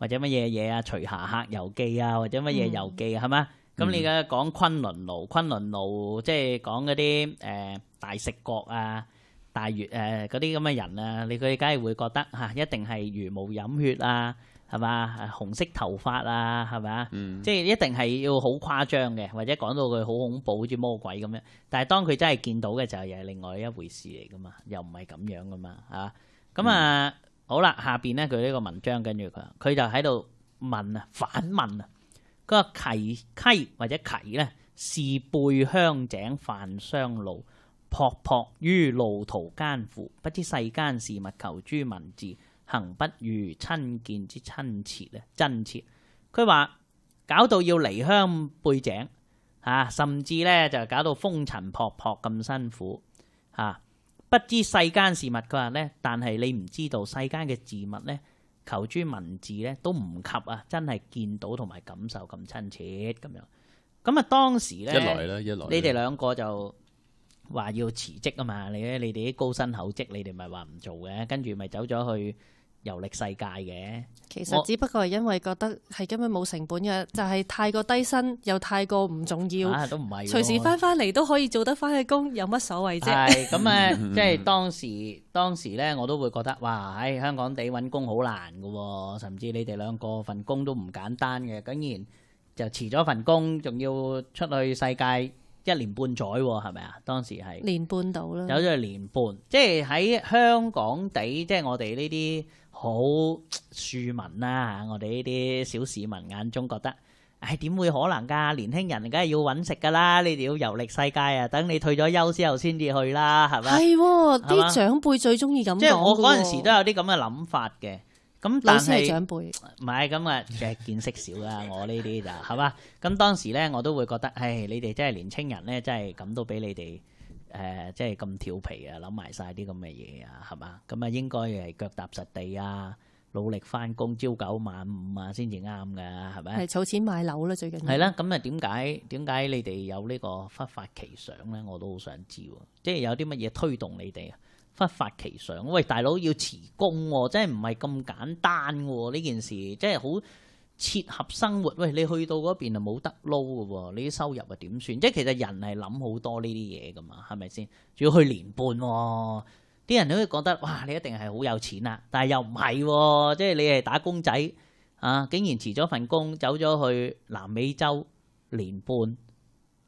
或者乜嘢嘢啊？徐霞客遊記啊，或者乜嘢遊記啊，係嘛、嗯？咁你而家講《崑崙奴》呃，《崑崙奴》即係講嗰啲誒大食國啊、大越誒嗰啲咁嘅人啊，你佢梗係會覺得嚇、啊，一定係茹毛飲血啊，係嘛、啊？紅色頭髮啊，係咪？嗯，即係一定係要好誇張嘅，或者講到佢好恐怖，好似魔鬼咁樣。但係當佢真係見到嘅時候，又係另外一回事嚟噶嘛，又唔係咁樣噶嘛，嚇。咁啊～、嗯嗯嗯好啦，下邊咧佢呢個文章跟住佢，佢就喺度問啊，反問啊，嗰個崎溪或者崎咧，是背鄉井犯霜露，僕僕於路途艱苦，不知世間事物，求諸文字，行不如親見之親切啊，真切。佢話搞到要離鄉背井啊，甚至咧就搞到風塵仆僕咁辛苦啊。不知世間事物嘅話咧，但係你唔知道世間嘅事物咧，求諸文字咧都唔及啊！真係見到同埋感受咁親切咁樣。咁啊，當時咧，一來咧，一來，你哋兩個就話要辭職啊嘛？你咧，你哋啲高薪厚職，你哋咪話唔做嘅，跟住咪走咗去。遊歷世界嘅，其實只不過係因為覺得係根本冇成本嘅，就係太過低薪又太過唔重要。都唔係，隨時翻翻嚟都可以做得翻嘅工，有乜所謂啫？係咁啊，即係當時當時咧，我都會覺得哇，喺香港地搵工好難噶，甚至你哋兩個份工都唔簡單嘅，竟然就辭咗份工，仲要出去世界一年半載，係咪啊？當時係年半到啦，有咗年半，即係喺香港地，即係我哋呢啲。好庶民啦，我哋呢啲小市民眼中覺得，唉點會可能㗎？年輕人梗係要揾食㗎啦，你哋要遊歷世界啊，等你退咗休之後先至去啦，係咪？係喎，啲長輩最中意咁講嘅喎。即係我嗰陣時都有啲咁嘅諗法嘅，咁但係長輩唔係咁啊，其實見識少㗎，我呢啲就係嘛。咁當時咧我都會覺得，唉，你哋真係年輕人咧，真係咁都俾你哋。誒、呃，即係咁調皮啊！諗埋晒啲咁嘅嘢啊，係嘛？咁啊，應該係腳踏實地啊，努力翻工朝九晚五啊，先至啱噶，係咪？係儲錢買樓啦，最緊要。係啦，咁啊，點解點解你哋有呢個忽發奇想咧？我都好想知喎。即係有啲乜嘢推動你哋忽發奇想？喂，大佬要辭工喎、啊，真係唔係咁簡單喎、啊？呢件事即係好切合生活，喂，你去到嗰邊啊，冇得撈嘅喎，你啲收入又點算？即係其實人係諗好多呢啲嘢噶嘛，係咪先？仲要去年半喎、哦，啲人都會覺得哇，你一定係好有錢啊，但係又唔係喎，即係你係打工仔啊，竟然辭咗份工，走咗去南美洲年半，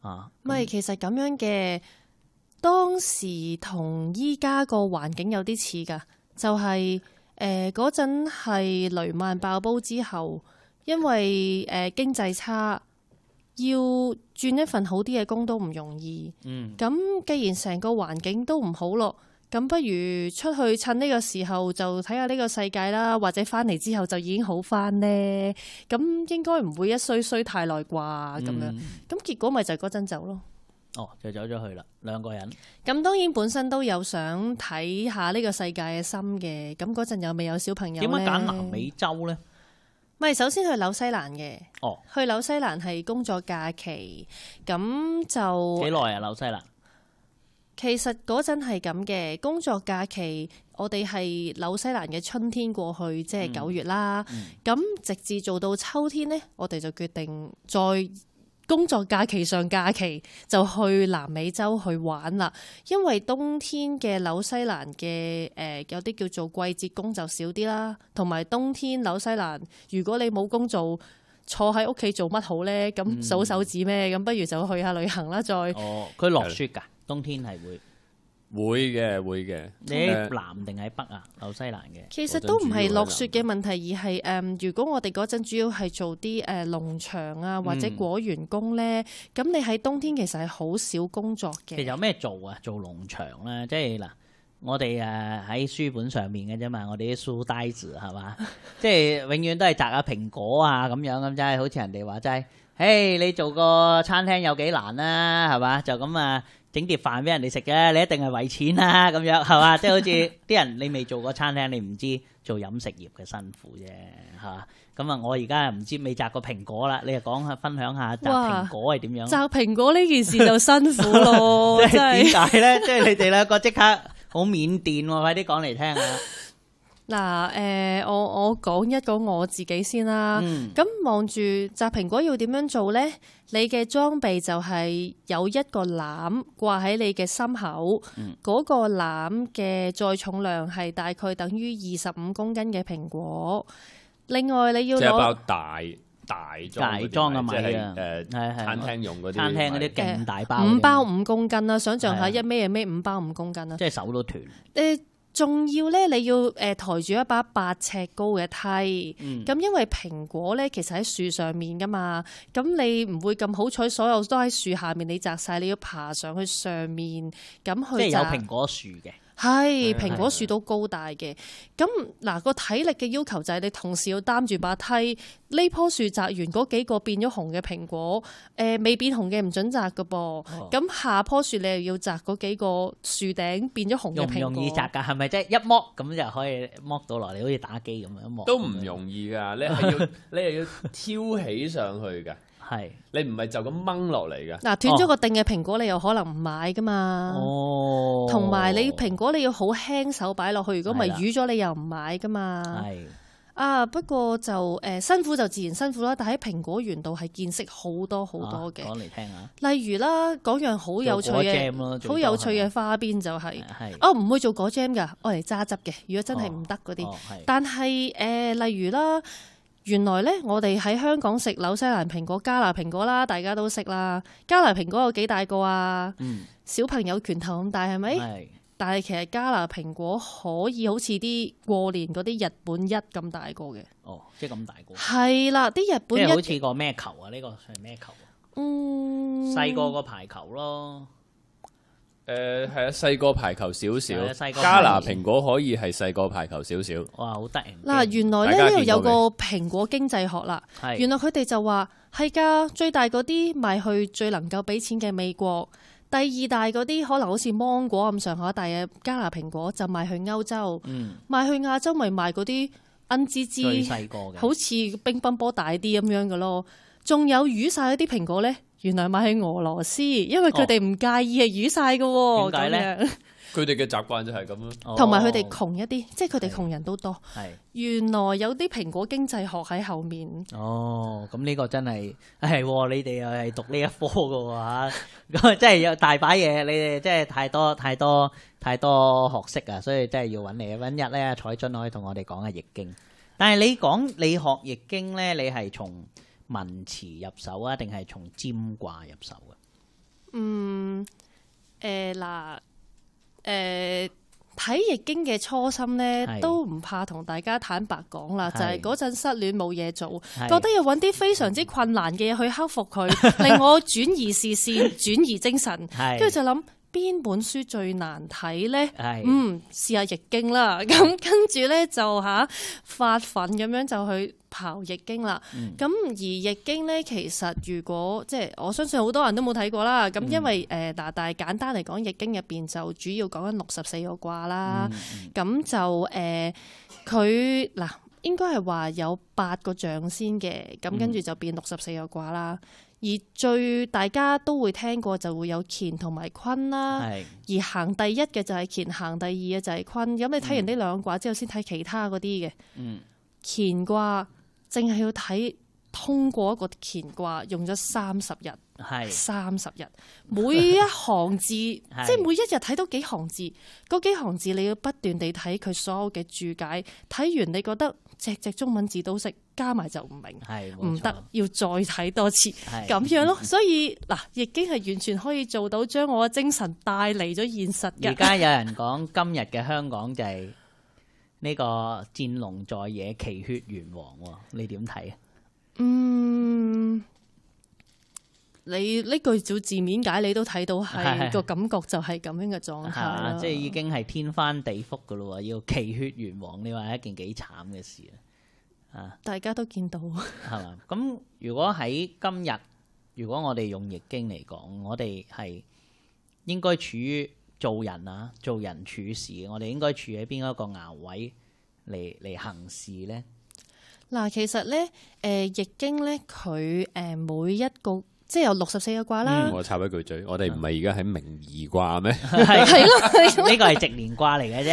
啊，唔係，其實咁樣嘅當時同依家個環境有啲似㗎，就係誒嗰陣係雷曼爆煲之後。因為誒經濟差，要轉一份好啲嘅工都唔容易。嗯。咁既然成個環境都唔好咯，咁不如出去趁呢個時候就睇下呢個世界啦，或者翻嚟之後就已經好翻呢。咁應該唔會一衰衰衰太耐啩咁樣。咁結果咪就嗰陣走咯。哦，就走咗去啦，兩個人。咁當然本身都有想睇下呢個世界嘅心嘅。咁嗰陣又未有小朋友。點解揀南美洲呢？唔係，首先去紐西蘭嘅，哦、去紐西蘭係工作假期，咁就幾耐啊紐西蘭？其實嗰陣係咁嘅，工作假期我哋係紐西蘭嘅春天過去，即係九月啦。咁、嗯嗯、直至做到秋天呢，我哋就決定再。工作假期上假期就去南美洲去玩啦，因為冬天嘅紐西蘭嘅誒有啲叫做季節工就少啲啦，同埋冬天紐西蘭如果你冇工做，坐喺屋企做乜好咧？咁數手指咩？咁、嗯、不如就去下旅行啦，再。哦，佢落雪㗎，的冬天係會。會嘅，會嘅。你南定喺北啊？紐、嗯、西蘭嘅其實都唔係落雪嘅問題，而係誒，如果我哋嗰陣主要係做啲誒農場啊，或者果園工咧，咁、嗯、你喺冬天其實係好少工作嘅。其實有咩做啊？做農場咧，即係嗱，我哋誒喺書本上面嘅啫嘛，我哋啲書呆子係嘛， 即係永遠都係摘下蘋果啊咁樣咁，即係好似人哋話齋，誒「你做個餐廳有幾難啊？」係嘛？就咁啊！整碟飯俾人哋食嘅，你一定係為錢啦咁樣，係嘛？ 即係好似啲人，你未做過餐廳，你唔知做飲食業嘅辛苦啫，係嘛？咁啊，我而家唔知未摘過蘋果啦，你又講下分享下摘蘋果係點樣？摘蘋果呢件事就辛苦咯， 真係點解咧？即係 你哋兩個即刻好緬甸喎，快啲講嚟聽，聽下。嗱，誒，我我講一個我自己先啦。咁望住摘蘋果要點樣做咧？你嘅裝備就係有一個籃掛喺你嘅心口，嗰個籃嘅載重量係大概等於二十五公斤嘅蘋果。另外，你要攞即係包大大裝嘅米啊！誒，係係餐廳用嗰啲，餐廳嗰啲勁大包五包五公斤啦！想象下一孭啊孭五包五公斤啦！即係手都斷。誒。仲要咧，嗯，你要誒抬住一把八尺高嘅梯，咁因為蘋果咧其實喺樹上面噶嘛，咁你唔會咁好彩，所有都喺樹下面，你摘晒你要爬上去上面，咁去摘。即係有蘋果樹嘅。係，蘋果樹都高大嘅。咁嗱，個體力嘅要求就係你同時要擔住把梯，呢棵樹摘完嗰幾個變咗紅嘅蘋果，誒、呃、未變紅嘅唔准摘㗎噃。咁、哦、下棵樹你又要摘嗰幾個樹頂變咗紅嘅蘋果。容唔容易摘㗎？係咪？即係一剝咁就可以剝到落嚟，好似打機咁樣一剝。都唔容易㗎，你係要 你係要挑起上去㗎。係，你唔係就咁掹落嚟嘅。嗱，斷咗個定嘅蘋果，你又可能唔買噶嘛。哦，同埋你蘋果你要好輕手擺落去，如果咪係瘀咗，你又唔買噶嘛。係，啊不過就誒辛苦就自然辛苦啦。但喺蘋果園度係見識好多好多嘅。講嚟聽下。例如啦，嗰樣好有趣嘅，好有趣嘅花邊就係，哦唔會做果 jam 㗎，我嚟揸汁嘅。如果真係唔得嗰啲，但係誒例如啦。原來呢，我哋喺香港食紐西蘭蘋果、加拿大蘋果啦，大家都識啦。加拿大蘋果有幾大個啊？嗯、小朋友拳頭咁大，係咪？嗯、但係其實加拿大蘋果可以好似啲過年嗰啲日本一咁大個嘅。哦，即係咁大個。係啦，啲日本一。即係好似個咩球啊？呢個係咩球啊？嗯。細個個排球咯。誒，係啊、呃，細個排球少少，加拿大蘋果可以係細個排球少少。哇，好得意嗱，原來咧度有，有個蘋果經濟學啦。是原來佢哋就話係噶，最大嗰啲賣去最能夠俾錢嘅美國，第二大嗰啲可能好似芒果咁上下大嘅加拿大蘋果就賣去歐洲，嗯、賣去亞洲咪賣嗰啲恩芝芝，好似乒乓波大啲咁樣噶咯。仲有餘晒一啲蘋果咧。原來買喺俄羅斯，因為佢哋唔介意係瘀晒嘅喎。點解咧、哦？佢哋嘅習慣就係咁咯。同埋佢哋窮一啲，哦、即係佢哋窮人都多。係的原來有啲蘋果經濟學喺後面。哦，咁呢個真係係你哋又係讀呢一科嘅喎吓，咁，即係有大把嘢，你哋即係太多太多太多，多，多學識啊！所以真係要揾你揾日咧，彩樽可以同我哋講下易經。但係你講你學易經咧，你係從文辭入手啊，定係從占卦入手嘅？嗯，誒、呃、嗱，誒，睇易經嘅初心咧，是都唔怕同大家坦白講啦，是就係嗰陣失戀冇嘢做，是覺得要揾啲非常之困難嘅嘢去克服佢，是令我轉移視線、轉 移精神，跟住是就諗。邊本書最難睇呢？是嗯，試下易經啦。咁跟住呢，就吓、啊、發奮咁樣就去刨易經啦。咁、嗯、而易經呢，其實如果即係我相信好多人都冇睇過啦。咁因為誒嗱、嗯呃，但係簡單嚟講，易經入邊就主要講緊六十四個卦啦。咁、嗯、就誒佢嗱，應該係話有八個象先嘅。咁跟住就變六十四個卦啦。而最大家都會聽過就會有乾同埋坤啦，是而行第一嘅就係乾，行第二嘅就係坤。咁你睇完呢兩卦之後，先睇其他嗰啲嘅。嗯，乾卦淨係要睇通過一個乾卦用咗三十日，三十是日每一行字， 即係每一日睇到幾行字，嗰是幾行字你要不斷地睇佢所有嘅注解，睇完你覺得。隻隻中文字都識，加埋就唔明，唔得，要再睇多次咁是樣咯。所以嗱，易經係完全可以做到將我嘅精神帶嚟咗現實㗎。而 家有人講今日嘅香港就係呢個戰龍在野，其血玄黃喎，你點睇啊？你呢句做字面解，你都睇到係個是感覺就係咁樣嘅狀態，即係已經係天翻地覆噶咯。要其血玄黃，你話係一件幾慘嘅事啊！大家都見到係嘛？咁如果喺今日，如果我哋用易經嚟講，我哋係應該處於做人啊，做人處事，我哋應該處喺邊一個爻位嚟嚟行事呢？嗱，其實呢，誒、呃、易經呢，佢誒每一個。即係有六十四個卦啦、嗯。我插一句嘴，我哋唔係而家喺明夷卦咩？係係咯，呢個係直連卦嚟嘅啫。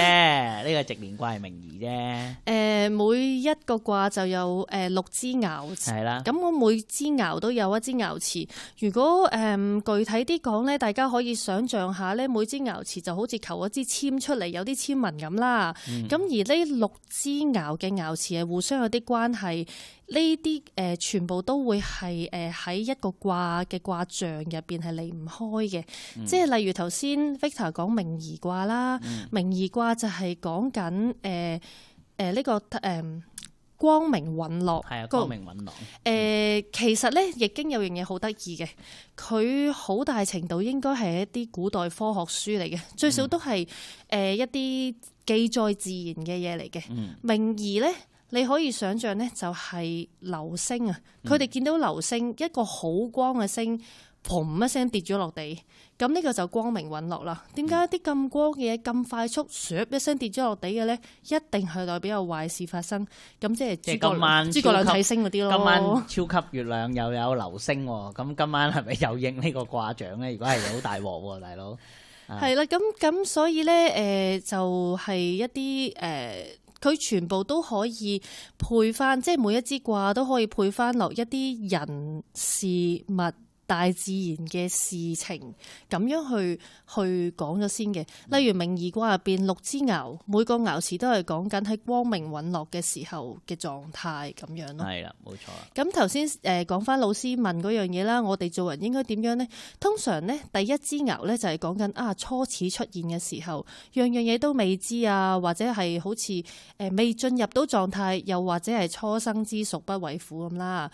呢個直連卦係明夷啫。誒每一個卦就有誒六支爻。係啦的。咁我每支爻都有一支爻辭。如果誒、呃、具體啲講咧，大家可以想像下咧，每支爻辭就好似求一支籤出嚟，有啲籤文咁啦。咁、嗯、而呢六支爻嘅爻辭係互相有啲關係。呢啲誒全部都會係誒喺一個卦嘅卦象入邊係離唔開嘅，即係、嗯、例如頭先 Victor 講明夷卦啦，明夷卦就係講緊誒誒呢個誒光明隕落。係、呃、啊，光明隕落。誒、呃、其實咧，易經有樣嘢好得意嘅，佢好大程度應該係一啲古代科學書嚟嘅，最少都係誒一啲記載自然嘅嘢嚟嘅。明夷咧。嗯你可以想象咧，就係流星啊！佢哋見到流星一個好光嘅星，砰一聲跌咗落地，咁呢個就光明隕落啦。點解啲咁光嘅嘢咁快速，唰一聲跌咗落地嘅咧？一定係代表有壞事發生。咁即係即係今晚，諸葛亮睇星嗰啲咯。今晚超級月亮又有流星喎，咁今晚係咪又應呢個卦象咧？如果係好大鑊喎，大佬。係啦，咁咁所以咧，誒就係一啲誒。佢全部都可以配翻，即係每一支卦都可以配翻落一啲人事物。大自然嘅事情咁樣去去講咗先嘅，例如《明夷卦》入邊六支爻，每個爻辭都係講緊喺光明隕落嘅時候嘅狀態咁樣咯。係啦，冇錯。咁頭先誒講翻老師問嗰樣嘢啦，我哋做人應該點樣呢？通常呢，第一支爻呢就係講緊啊，初始出現嘅時候，樣樣嘢都未知啊，或者係好似誒未進入到狀態，又或者係初生之犢不畏虎咁啦。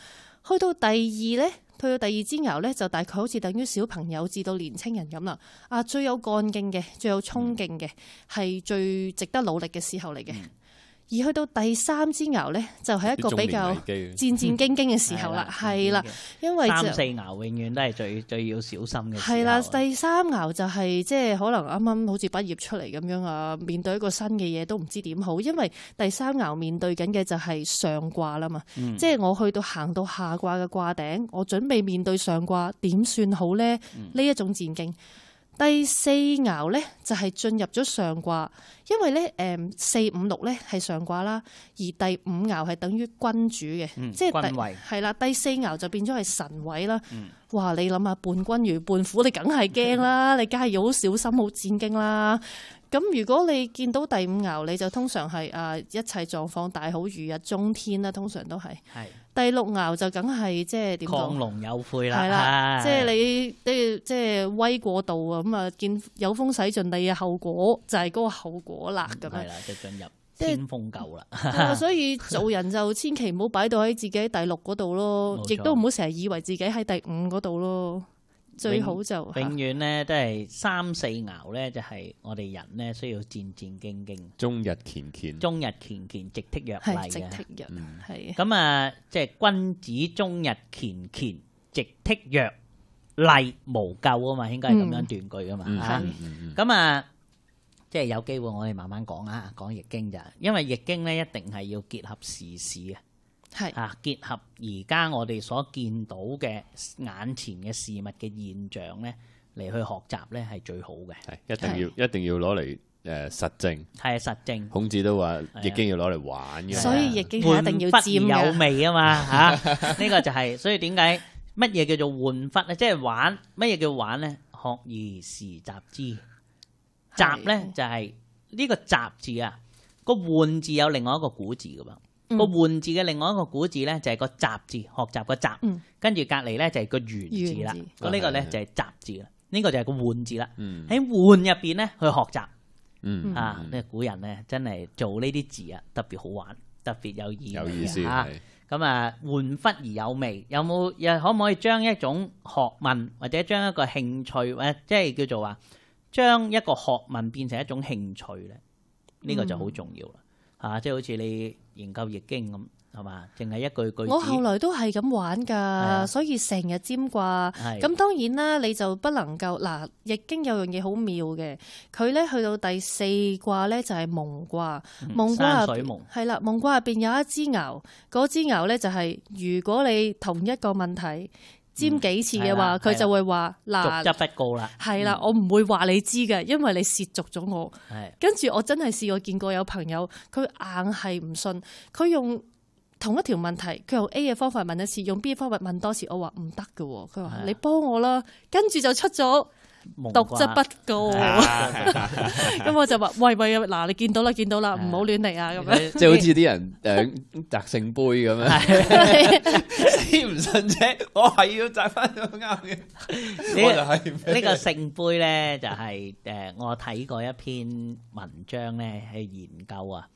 去到第二呢。去到第二支爻咧，就大概好似等於小朋友至到年青人咁啦。啊，最有幹勁嘅，最有衝勁嘅，係最值得努力嘅時候嚟嘅。嗯而去到第三支牛咧，就係、是、一個比較戰戰兢兢嘅時候啦，係啦、嗯，嗯、了因為三四牛永遠都係最最要小心嘅。係啦，第三牛就係、是、即係可能啱啱好似畢業出嚟咁樣啊，面對一個新嘅嘢都唔知點好，因為第三牛面對緊嘅就係上卦啦嘛，嗯、即係我去到行到下卦嘅卦頂，我準備面對上卦點算好咧？呢、嗯、一種戰兢。第四爻咧就係進入咗上卦，因為咧，誒四五六咧係上卦啦，而第五爻係等於君主嘅，嗯、君位即係第、係啦，第四爻就變咗係神位啦。嗯、哇，你諗下伴君如伴虎，你梗係驚啦，嗯、你梗係要好小心好戰兢啦。咁如果你見到第五爻，你就通常係啊一切狀況大好，如日中天啦，通常都係。第六爻就梗係即係點講？亢龍有悔啦，即係你啲即係威過度啊！咁啊，見有風使盡，你嘅後果就係、是、嗰個後果啦，咁樣、嗯。係啦，就進入天風姤啦。但 所以做人就千祈唔好擺到喺自己第六嗰度咯，亦都唔好成日以為自己喺第五嗰度咯。最好就永遠咧，都係三四爻咧，就係、是、我哋人咧需要戰戰兢兢，終日乾乾，終日乾乾，夕惕若厲嘅。係直係咁、嗯嗯、啊，即、就、係、是、君子終日乾乾，夕惕若厲，無咎啊嘛，應該，係咁樣斷句啊嘛。咁、嗯、啊，即係、嗯嗯啊就是、有機會，我哋慢慢講啊，講易經咋，因為易經咧一定係要結合時事啊。係啊！結合而家我哋所見到嘅眼前嘅事物嘅現象咧，嚟去學習咧係最好嘅。係一定要，一定要攞嚟誒實證。係啊，實證。孔子都話《易經》要攞嚟玩嘅。所以《易經》一定要佔有味嘛 啊嘛嚇！呢、這個就係、是、所以點解乜嘢叫做換法咧？即、就、係、是、玩，乜嘢叫玩咧？學而時習之，習咧的就係、是、呢個習字啊，個換字有另外一個古字噶噃。個換字嘅另外一個古字咧，就係個雜字，學習個雜，跟住隔籬咧就係個原字」原字啦。咁呢個咧就係雜字啦，呢個就係個換字啦。喺換入邊咧去學習，嗯嗯、啊，呢、這個、古人咧真係做呢啲字啊，特別好玩，特別有，有意思吓。咁啊，換忽而有味，有冇又可唔可以將一種學問或者將一個興趣，或者即係叫做話，將一個學問變成一種興趣咧？呢、這個就好重要啦。吓、嗯，即係、啊就是、好似你。研究易經咁係嘛，淨係一句句。我後來都係咁玩噶，啊、所以成日占卦。咁是的 當然啦，你就不能夠嗱、啊，易經有樣嘢好妙嘅，佢咧去到第四卦咧就係蒙卦。山、嗯、水蒙，蒙。係啦，蒙卦入邊有一支牛，嗰支牛咧就係如果你同一個問題。占幾次嘅話，佢、嗯、就會話嗱，足則不告啦。係啦，的嗯、我唔會話你知嘅，因為你涉足咗我。係的，跟住我真係試過見過有朋友，佢硬係唔信，佢用同一條問題，佢用 A 嘅方法問一次，用 B 嘅方法問多次，我話唔得㗎喎。佢話，你幫我啦，的跟住就出咗。獨質不高，咁我就話：喂喂，嗱，你見到啦，見到啦，唔好亂嚟啊！咁樣即係好似啲人誒，摘聖杯咁樣，死唔信啫！我係要摘翻啱嘅。呢個聖杯咧，就係誒，我睇過一篇文章咧，去研究啊，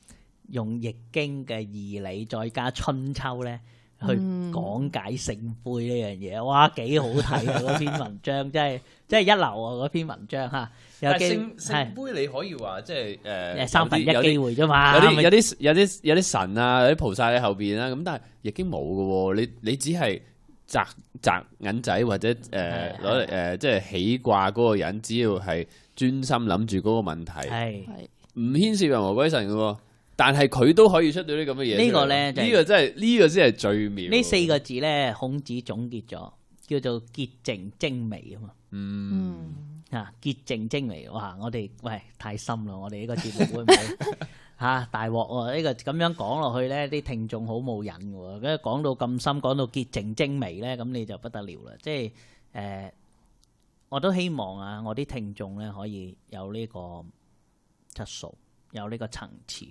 用易經嘅義理再加春秋咧，去講解聖杯呢樣嘢。嗯、哇，幾好睇啊！嗰篇文章真係～即係一流啊！嗰篇文章吓，有基聖聖杯，你可以話即係誒，三分一機會啫嘛，有啲有啲有啲有啲神啊，有啲菩薩喺後邊啊。咁但係已經冇噶，你你只係摘摘銀仔或者誒攞嚟誒，即係起卦嗰個人，只要係專心諗住嗰個問題，係唔牽涉任何鬼神噶。但係佢都可以出到啲咁嘅嘢。個呢、就是、呢個咧，呢個真係呢個先係最妙。呢四個字咧，孔子總結咗。叫做潔淨精微、嗯、啊嘛，嗯啊潔淨精微，哇！我哋喂太深啦，我哋呢個節目會唔會吓大鑊哦？ 啊這個，呢個咁樣講落去咧，啲聽眾好冇癮嘅，因為講到咁深，講到潔淨精微咧，咁你就不得了啦。即係誒、呃，我都希望啊，我啲聽眾咧可以有呢個質素，有呢個層次，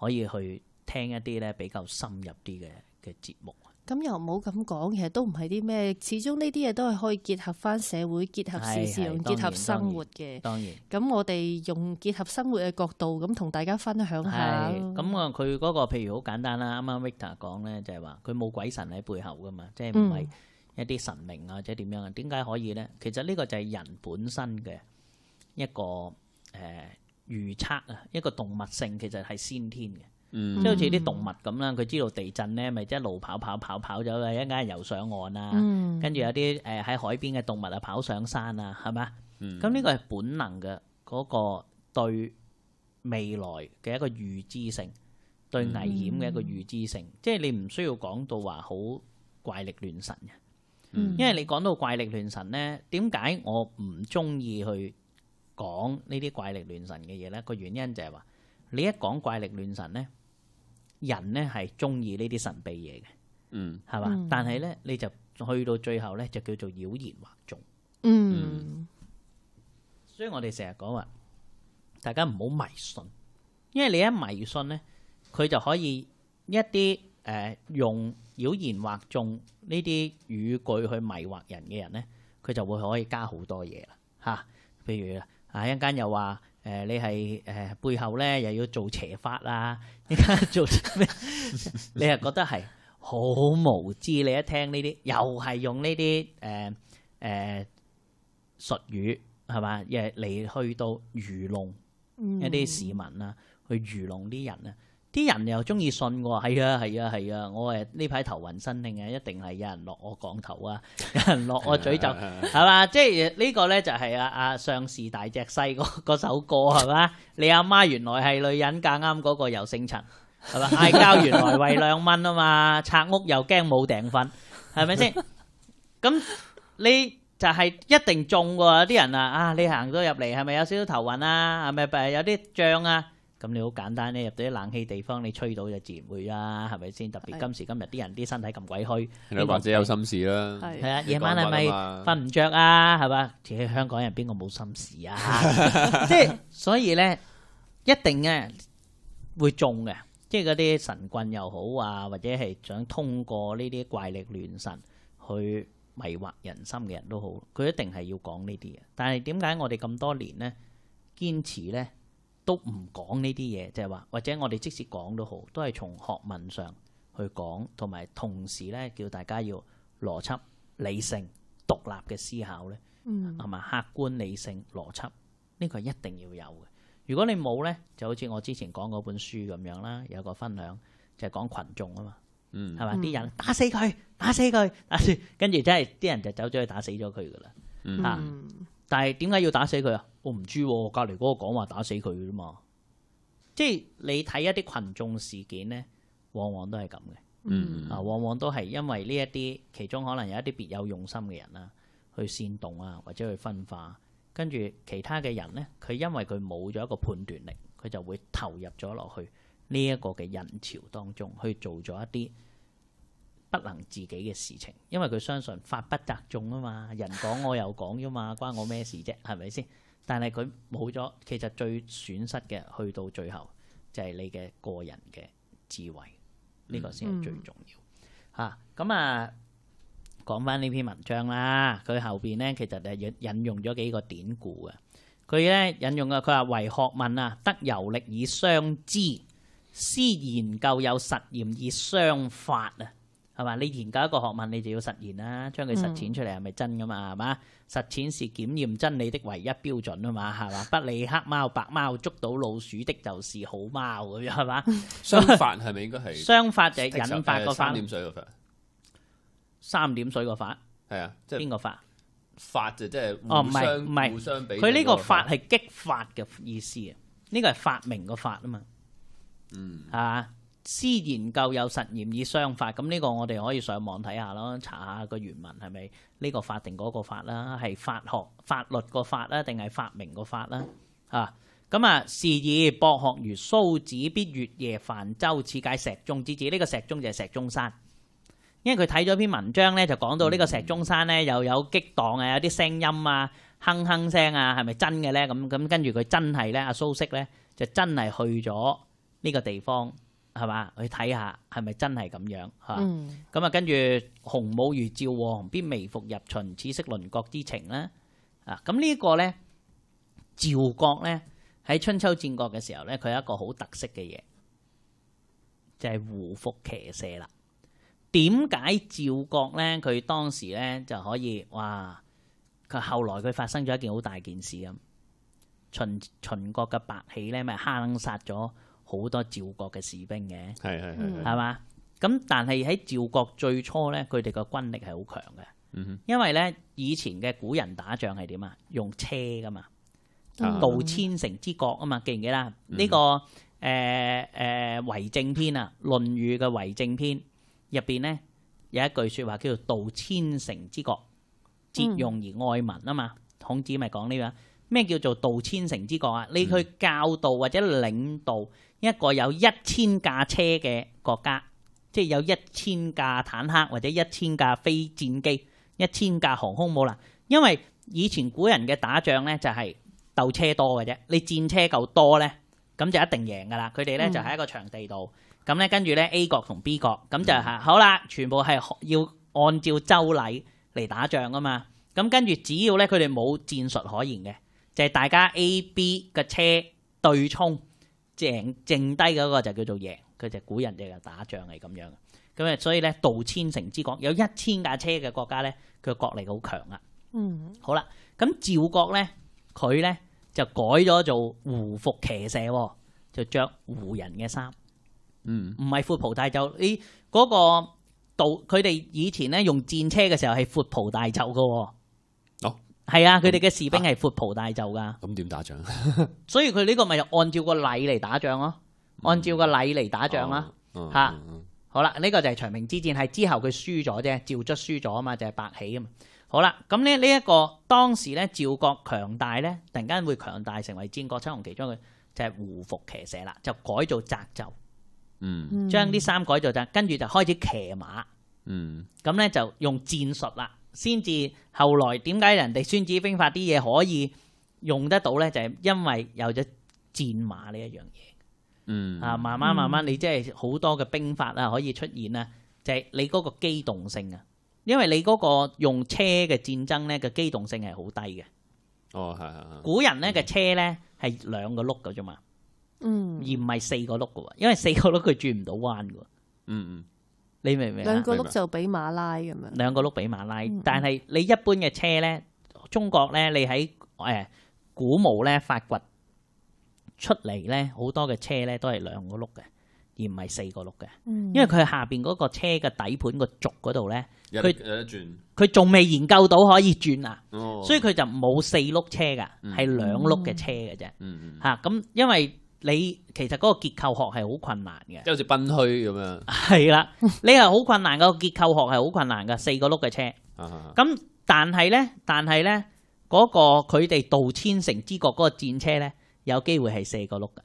可以去聽一啲咧比較深入啲嘅嘅節目。咁又冇咁講，其實都唔係啲咩。始終呢啲嘢都係可以結合翻社會、結合時事、用結合生活嘅。當然，咁我哋用結合生活嘅角度咁同大家分享下。咁我佢嗰個譬如好簡單啦，啱啱 Victor 講咧就係話佢冇鬼神喺背後噶嘛，即係唔係一啲神明啊或者點樣啊？點解、嗯、可以咧？其實呢個就係人本身嘅一個誒、呃、預測啊，一個動物性其實係先天嘅。即係好似啲動物咁啦，佢知道地震咧，咪即係路跑跑跑跑走啦，一陣間游上岸啊，跟住、嗯、有啲誒喺海邊嘅動物啊跑上山啊，係咪？咁呢個係本能嘅嗰、嗰個對未來嘅一個預知性，對危險嘅一個預知性，即係、嗯、你唔需要講到話好怪力亂神嘅。嗯、因為你講到怪力亂神咧，點解我唔中意去講呢啲怪力亂神嘅嘢咧？個原因就係、係、話你一講怪力亂神咧。人咧係中意呢啲神秘嘢嘅，嗯，係嘛？但係咧，你就去到最後咧，就叫做妖言惑眾，嗯。嗯、所以我哋成日講話，大家唔好迷信，因為你一迷信咧，佢就可以一啲誒、呃、用妖言惑眾呢啲語句去迷惑人嘅人咧，佢就會可以加好多嘢啦，嚇。譬如啊，一陣間又話。誒、呃、你係誒、呃、背後咧又要做邪法啊？依家做咩？ 你係覺得係好無知？你一聽呢啲，又係用呢啲誒誒術語係嘛，亦嚟去到愚弄一啲市民啊，去愚弄啲人啊！啲人又中意信喎，係啊係啊係啊，啊！我誒呢排頭暈身㷫啊，一定係有人落我降頭啊，有人落我嘴咒，係嘛？ 即係呢個咧就係啊啊上士大隻細嗰首歌係嘛？ 你阿媽，媽原來係女人嫁，啱嗰個又姓陳，係嘛？嗌交原來為兩蚊啊嘛，拆屋又驚冇頂分，係咪先？咁你就係一定中喎！啲人啊啊，你行咗入嚟係咪有少少頭暈啊？係咪有啲脹啊？咁你好簡單咧，入到啲冷氣地方，你吹到就自然會啦、啊，係咪先？特別今時今日啲人啲身體咁鬼虛，或者有心事啦。係的的啊，夜晚係咪瞓唔着啊？係嘛的？而且香港人邊個冇心事啊？即係 所以咧，一定嘅、啊、會中嘅，即係嗰啲神棍又好啊，或者係想通過呢啲怪力亂神去迷惑人心嘅人都好，佢一定係要講呢啲嘅。但係點解我哋咁多年咧堅持咧？都唔講呢啲嘢，即係話，或者我哋即使講都好，都係從學問上去講，同埋同時咧叫大家要邏輯、理性、獨立嘅思考咧，係咪、嗯？客觀、理性、邏輯呢個係一定要有嘅。如果你冇咧，就好似我之前講嗰本書咁樣啦，有個分享就係講群眾啊嘛，係咪、嗯？啲人打死佢，打死佢，打死，跟住真係啲人就走咗去打死咗佢噶啦。嚇、啊！嗯、但係點解要打死佢啊？我唔知，隔離嗰個講話打死佢㗎嘛。即係你睇一啲群眾事件咧，往往都係咁嘅。啊、mm，hmm. 往往都係因為呢一啲其中可能有一啲別有用心嘅人啦，去煽動啊，或者去分化，跟住其他嘅人咧，佢因為佢冇咗一個判斷力，佢就會投入咗落去呢一個嘅人潮當中去做咗一啲不能自己嘅事情，因為佢相信法不責眾啊嘛，人講我又講啫嘛， 關我咩事啫？係咪先？但係佢冇咗，其實最損失嘅，去到最後就係你嘅個人嘅智慧呢，這個先係最重要嚇。咁、嗯、啊，講翻呢篇文章啦，佢後邊咧其實咧引引用咗幾個典故嘅。佢咧引用啊，佢話為學問啊，得遊歷以相知，思研究有實驗以相法啊。係嘛？你研究一個學問，你就要實現啦，將佢實踐出嚟係咪真噶嘛？係嘛？嗯、實踐是檢驗真理的唯一標準啊嘛？係嘛？不理黑貓白貓，捉到老鼠的就是好貓，咁樣，係嘛？雙 法係咪應該係？雙法就係引發個三點水個法，三點水個法係啊？即係邊個法？法就即係哦，唔係唔係，佢呢個法係激發嘅意思啊？呢個係發明個法啊嘛？嗯，係嘛？先研究有實驗以相法，咁、這、呢個我哋可以上網睇下咯，查下個原文係咪呢個法定嗰個法啦，係法學法律個法啦，定係發明個法啦啊？咁啊，是以博學如蘇子，必月夜泛舟，此解石鐘之子。呢、這個石鐘就係石鐘山，因為佢睇咗篇文章咧，就講到呢個石鐘山咧又有激盪啊，有啲聲音啊，哼哼聲啊，係咪真嘅咧？咁咁跟住佢真係咧，阿蘇軾咧就真係去咗呢個地方。係嘛？去睇下係咪真係咁樣嚇？咁啊，嗯、跟住紅武如趙王，必微服入秦，此識鄰國之情咧。啊，咁、嗯這個、呢一個咧，趙國咧喺春秋戰國嘅時候咧，佢有一個好特色嘅嘢，就係、是、胡服騎射啦。點解趙國咧佢當時咧就可以哇？佢後來佢發生咗一件好大件事啊！秦秦國嘅白起咧，咪坑殺咗好多趙國嘅士兵嘅，係係係，係嘛？咁但係喺趙國最初咧，佢哋個軍力係好強嘅，因為咧以前嘅古人打仗係點啊？用車噶嘛，道千乘之國啊嘛，記唔記得呢、嗯這個誒誒為政篇啊，《論語》嘅為政篇入邊咧有一句説話叫做道千乘之國，節用而愛民啊嘛。孔子咪講呢樣咩，叫做道千乘之國啊？你去教導或者領導。一個有一千架車嘅國家，即係有一千架坦克或者一千架飛戰機，一千架航空母艦。因為以前古人嘅打仗呢，就係鬥車多嘅啫，你戰車夠多呢，咁就一定贏噶啦。佢哋呢，就喺一個場地度，咁呢，跟住呢 A 國同 B 國，咁就吓、是、好啦，全部係要按照周禮嚟打仗噶嘛。咁跟住只要呢，佢哋冇戰術可言嘅，就係、是、大家 A、B 嘅車對沖。剩剩低嘅嗰個就叫做贏，佢就古人哋嘅打仗係咁樣嘅咁啊。所以咧，道千城之國有一千架車嘅國家咧，佢國力好強啊。嗯，好啦，咁趙國咧，佢咧就改咗做胡服騎射，就着胡人嘅衫。嗯，唔係闊袍大袖，欸、那、嗰個道佢哋以前咧用戰車嘅時候係闊袍大袖噶、哦。係、嗯、啊，佢哋嘅士兵係闊袍大袖噶。咁點打仗？所以佢呢個咪就按照個禮嚟打仗咯，按照個禮嚟打仗啦。吓，好啦，呢、這個就係長平之戰，係之後佢輸咗啫，趙卒輸咗啊嘛，就係、是、白起啊嘛。好啦，咁呢呢一個當時咧，趙國強大咧，突然間會強大成為戰國七雄其中嘅就係胡服騎射啦，就改做窄袖，嗯，將啲衫改做窄，跟住就開始騎馬，嗯，咁咧就用戰術啦。嗯嗯先至後來點解人哋《孫子兵法》啲嘢可以用得到咧？就係因為有咗戰馬呢一樣嘢。嗯，啊，慢慢慢慢，你即係好多嘅兵法啊，可以出現啦。就係你嗰個機動性啊，因為你嗰個用車嘅戰爭咧嘅機動性係好低嘅。哦，係係係。古人咧嘅車咧係、嗯、兩個轆㗎啫嘛。嗯。而唔係四個轆㗎喎，因為四個轆佢轉唔到彎嘅、嗯。嗯嗯。你明唔明？兩個碌就俾馬拉咁樣。兩個碌俾馬拉，但係你一般嘅車咧，中國咧，你喺誒古墓咧發掘出嚟咧，好多嘅車咧都係兩個碌嘅，而唔係四個碌嘅。嗯。因為佢下邊嗰個車嘅底盤個軸嗰度咧，佢有得轉。佢仲未研究到可以轉啊，所以佢就冇四碌車噶，係兩碌嘅車嘅啫、嗯。嗯嗯。咁、啊、因為。你其實嗰個結構學係好困難嘅，即係好似崩壊咁樣。係啦，你係好困難，個結構學係好困難嘅，四個轆嘅車。咁但係呢，但係呢，嗰個佢哋道千乘之國嗰個戰車呢，有機會係四個轆嘅。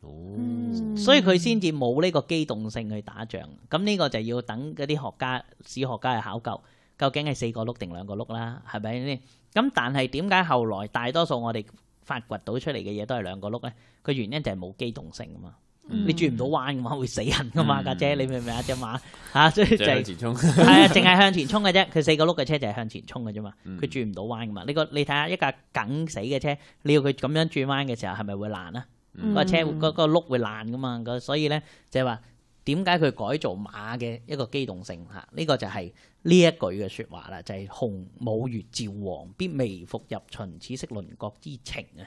哦，所以佢先至冇呢個機動性去打仗。咁呢個就要等嗰啲學家、史學家去考究，究竟係四個轆定兩個轆啦，係咪先？咁但係點解後來大多數我哋發掘到出嚟嘅嘢都係兩個碌咧，個原因就係冇機動性啊嘛！你轉唔到彎嘅話會死人噶嘛架車，你明唔明啊？隻馬嚇，所以就係向前衝，係啊，淨係向前衝嘅啫。佢四個碌嘅車就係向前衝嘅啫嘛。佢轉唔到彎噶嘛。你個你睇下一架梗死嘅車，你要佢咁樣轉彎嘅時候係咪會爛啊？個車個個碌會爛噶嘛。所以咧就係話點解佢改造馬嘅一個機動性嚇？呢個就係、是。呢一句嘅説話啦，就係秦武月趙王，必微服入秦，此識鄰國之情啊！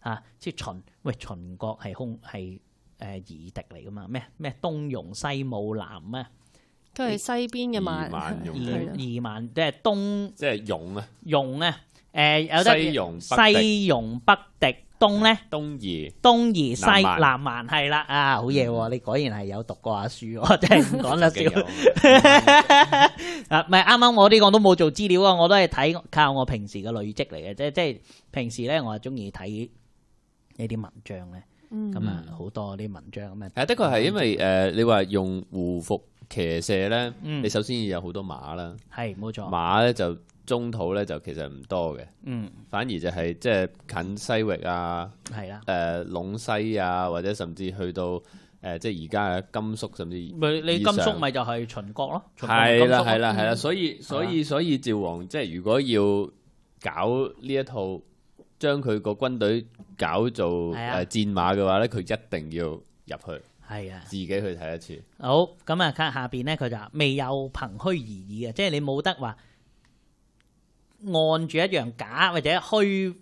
啊，即秦喂，秦國係空係夷、呃、敵嚟噶嘛？咩咩東戎西武南咩？佢係西邊嘅萬二萬嗎二,二萬，即係東即係戎啊！戎啊！誒、呃、有得西戎北敵。東咧，東夷，東夷西南蠻係啦，啊，好嘢，你果然係有讀過下書，即係唔講得笑。嗱，咪啱啱我呢個都冇做資料啊，我都係睇靠我平時嘅累積嚟嘅，即係即係平時咧，我係中意睇呢啲文章咧，咁啊好多啲文章咁樣。係，的確係因為誒，你話用胡服騎射咧，你首先要有好多馬啦，係冇錯，馬咧就。中土咧就其實唔多嘅，嗯，反而就係即係近西域啊，係啦的，誒、呃，隴西啊，或者甚至去到誒、呃，即係而家嘅甘肅，甚至咪你甘肅咪就係秦國咯、啊，係啦，係啦，係啦，所以，所以，所以趙王即係如果要搞呢一套，將佢個軍隊搞做誒的、呃、戰馬嘅話咧，佢一定要入去，係啊的，自己去睇一次。的好，咁啊，下下邊咧佢就未有憑虛而已嘅，即係你冇得話。按住一樣假或者虛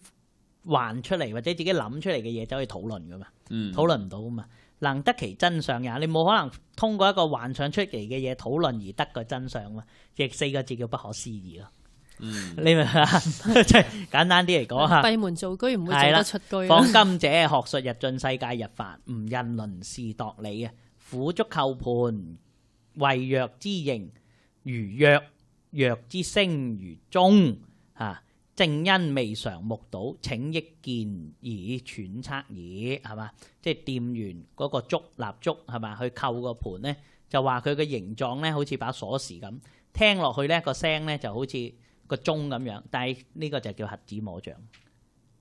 幻出嚟，或者自己諗出嚟嘅嘢走去討論噶嘛？討論唔到噶嘛？能得其真相呀？你冇可能通過一個幻想出嚟嘅嘢討論而得個真相嘛？即四個字叫不可思議咯。你明嘛？ 簡單啲嚟講嚇，閉門造車唔會做得出車。仿今者學術日進，世界日繁，唔印論事，度理啊！苦足扣盤，為若之形；如若若之聲如，如鐘。啊！正因未嘗目睹，請益見以揣測耳，係嘛？即係掂完嗰個竹蠟燭係嘛？去扣個盤咧，就話佢嘅形狀咧，好似把鎖匙咁。聽落去咧，個聲咧就好似個鐘咁樣。但係呢個就叫核子摸象。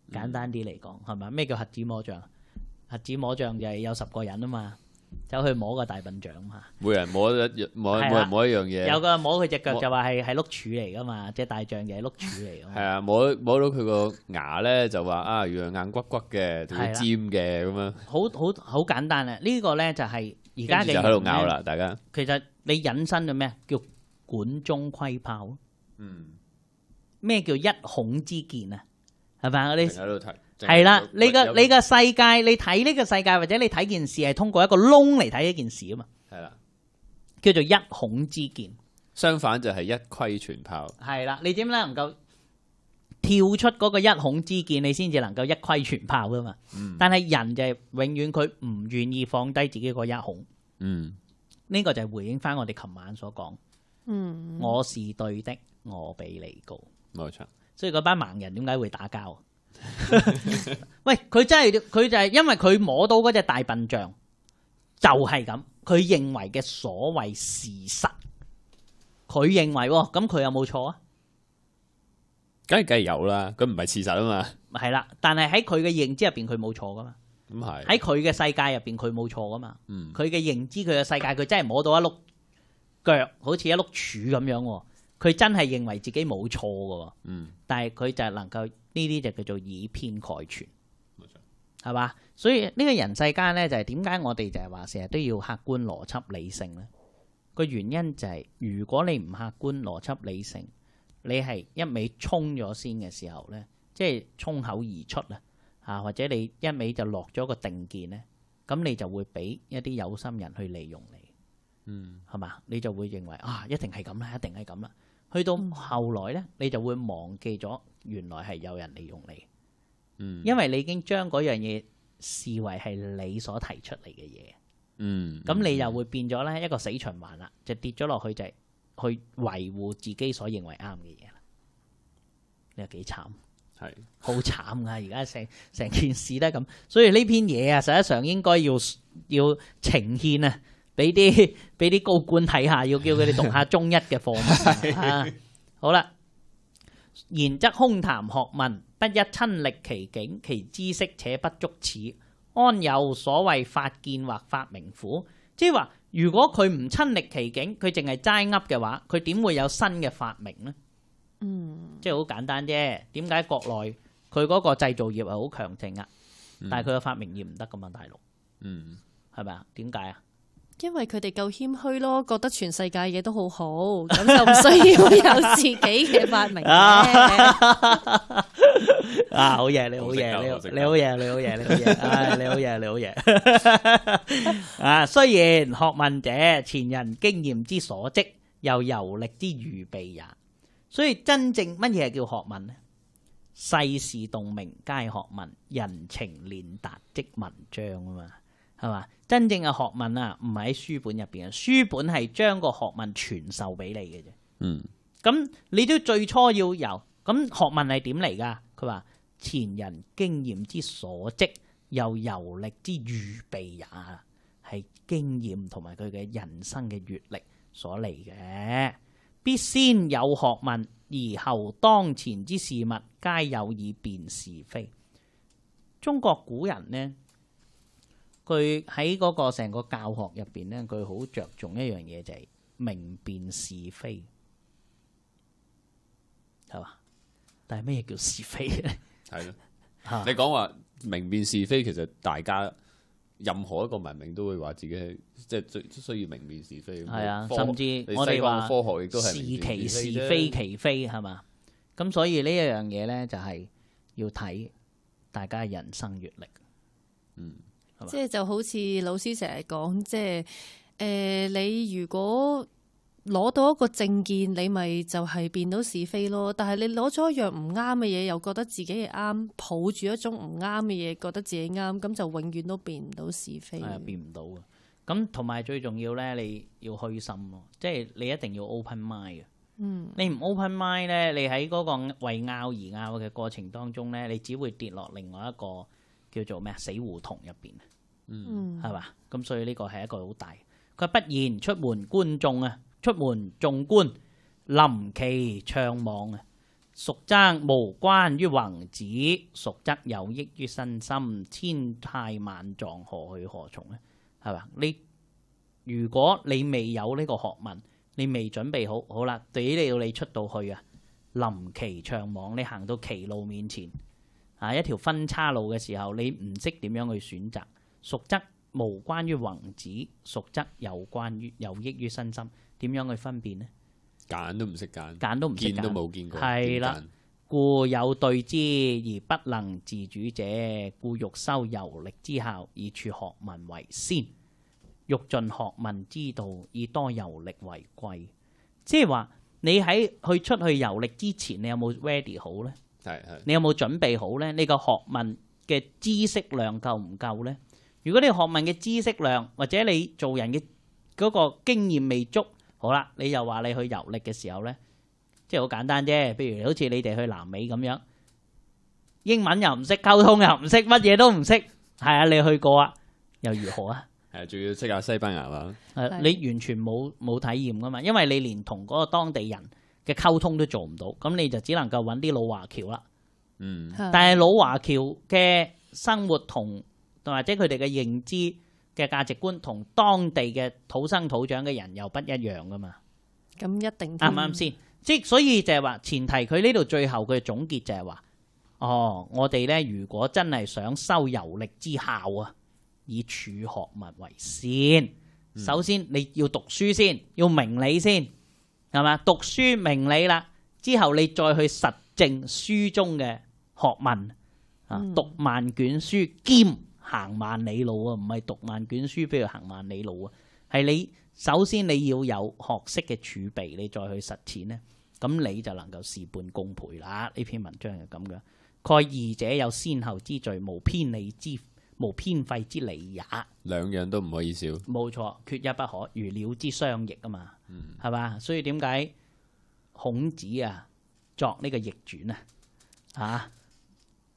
嗯、簡單啲嚟講，係咪？咩叫核子摸象？核子摸象就係有十個人啊嘛。走去摸個大笨象嘛，每人摸一摸，每人摸一樣嘢。有個摸佢隻腳就話係係碌柱嚟噶嘛，隻大象嘅係碌柱嚟。係啊，摸摸到佢個牙咧就話啊，原來硬骨骨嘅，仲要尖嘅咁樣。好好好簡單啊！呢個咧就係而家你喺度咬啦，大家。其實你引申咗咩啊？叫管中窺豹。嗯。咩叫一孔之見啊？係咪啊？你。係啦，你個你個世界，你睇呢個世界或者你睇件事係通過一個窿嚟睇一件事啊嘛，係啦，叫做一孔之見。相反就係一窺全豹。係啦，你點樣能夠跳出嗰個一孔之見，你先至能夠一窺全豹噶嘛。但係人就係永遠佢唔願意放低自己個一孔。嗯，呢個就係回應翻我哋琴晚所講。嗯，我是對的，我比你高，冇錯。所以嗰班盲人點解會打交？ 喂，佢真係佢就係因為佢摸到嗰隻大笨象，就係、是、咁，佢認為嘅所謂事實，佢認為咁佢有冇錯啊？梗係梗係有啦，佢唔係事實啊嘛。係啦，但係喺佢嘅認知入邊，佢冇錯噶嘛。咁係喺佢嘅世界入邊，佢冇錯噶嘛。佢嘅認知，佢嘅世界，佢真係摸到一碌腳，好似一碌柱咁樣。嗯佢真係認為自己冇錯嘅，嗯，但係佢就係能夠呢啲就叫做以偏概全，冇錯，係嘛？所以呢個人世間咧，就係點解我哋就係話成日都要客觀、邏輯、理性咧？個原因就係如果你唔客觀、邏輯、理性，你係一味衝咗先嘅時候咧，即係衝口而出啊，嚇或者你一味就落咗個定見咧，咁你就會俾一啲有心人去利用你，嗯，係嘛？你就會認為啊，一定係咁啦，一定係咁啦。去到後來咧，你就會忘記咗原來係有人利用你，嗯，因為你已經將嗰樣嘢視為係你所提出嚟嘅嘢，嗯，咁你又會變咗咧一個死循環啦，就跌咗落去就係去維護自己所認為啱嘅嘢，你又幾慘，係好是的 慘噶，啊，而家成成件事都咁，所以呢篇嘢啊，實際上應該要要呈現啊。俾啲俾啲高官睇下，要叫佢哋讀下中一嘅課文。 啊、好啦，然則空談學問，不一親歷其境，其知識且不足此，安有所謂發見或發明乎？即係話，如果佢唔親歷其境，佢淨係齋噏嘅話，佢點會有新嘅發明呢？嗯，即係好簡單啫。點解國內佢嗰個製造業係好強勁啊？但係佢嘅發明業唔得噶嘛，大陸。嗯，係咪啊？點解啊？因為佢哋夠謙虛咯，覺得全世界嘢都好好，咁就唔需要有自己嘅發明嘅。啊，好嘢，你好嘢，你好嘢，你好嘢，你好嘢，你好嘢，你好嘢，你好嘢。啊，雖然學問者，前人經驗之所積，又遊歷之預備也。所以真正乜嘢叫學問呢？世事洞明皆學問，人情練達即文章啊嘛，係嘛？真正嘅學問啊，唔係喺書本入邊嘅，書本係將個學問傳授俾你嘅啫。嗯，咁你都最初要由咁學問係點嚟噶？佢話前人經驗之所積，又遊歷之預備也，係經驗同埋佢嘅人生嘅閱歷所嚟嘅。必先有學問，而後當前之事物皆有以辨是非。中國古人呢？佢喺嗰個成個教學入邊咧，佢好着重一樣嘢就係、是、明辨是非，係嘛？但係咩叫是非咧？係 啦、啊，你講話明辨是非，其實大家任何一個文明都會話自己即係最，最需要明辨是非。係啊，學甚至我哋話科學亦都係是其是非其非，係嘛？咁所以呢一樣嘢咧，就係要睇大家人生閲歷。嗯。即係就好似老師成日講，即係誒、呃、你如果攞到一個證件，你咪就係變到是非咯。但係你攞咗一樣唔啱嘅嘢，又覺得自己係啱，抱住一種唔啱嘅嘢，覺得自己啱，咁就永遠都變唔到是非、呃，變唔到嘅。咁同埋最重要咧，你要虛心咯，即、就、係、是、你一定要 open mind 嘅。嗯，你唔 open mind 咧，你喺嗰個為拗而拗嘅過程當中咧，你只會跌落另外一個。叫做咩死胡同入邊啊，嗯，係嘛？咁所以呢個係一個好大。佢不言出門觀眾啊，出門眾觀臨其長望啊，孰爭無關於宏旨？孰則有益於身心？千態萬狀，何去何從咧、啊？係嘛？你如果你未有呢個學問，你未準備好，好啦，俾你到你出到去啊，臨其長望，你行到歧路面前。啊！一條分叉路嘅時候，你唔識點樣去選擇。熟則無關於宏旨，熟則有關於有益於身心。點樣去分辨呢？揀都唔識揀，揀都唔識揀，見都冇見過。係啦了，選故有對之而不能自主者，故欲修遊歷之效，以處學問為先；欲盡學問之道，以多遊歷為貴。即係話你喺去出去遊歷之前，你有冇 ready 好呢？係係，你有冇準備好咧？你個學問嘅知識量夠唔夠咧？如果你學問嘅知識量或者你做人嘅嗰個經驗未足，好啦，你又話你去遊歷嘅時候咧，即係好簡單啫。譬如好似你哋去南美咁樣，英文又唔識，溝通又唔識，乜嘢都唔識，係啊，你去過啊，又如何啊？係，仲要識下西班牙話。誒，你完全冇冇體驗噶嘛？因為你連同嗰個當地人嘅溝通都做唔到，咁你就只能夠揾啲老華僑啦。嗯，但係老華僑嘅生活同同或者佢哋嘅認知嘅價值觀同當地嘅土生土長嘅人又不一樣噶嘛？咁、嗯、一定啱啱先？即所以就係話前提，佢呢度最後佢總結就係話：哦，我哋咧如果真係想收遊歷之效啊，以儲學問為先，嗯、首先你要讀書先，要明理先。係嘛？讀書明理啦，之後你再去實證書中嘅學問啊，嗯、讀萬卷書兼行萬里路啊，唔係讀萬卷書不如行萬里路啊。係你首先你要有學識嘅儲備，你再去實踐咧，咁你就能夠事半功倍啦。呢篇文章係咁嘅，蓋二者有先後之序，無偏理之。無偏廢之理也，兩樣都唔可以少。冇錯，缺一不可，如鳥之雙翼啊嘛，係嘛、嗯？所以點解孔子啊作呢個易傳啊？吓、啊，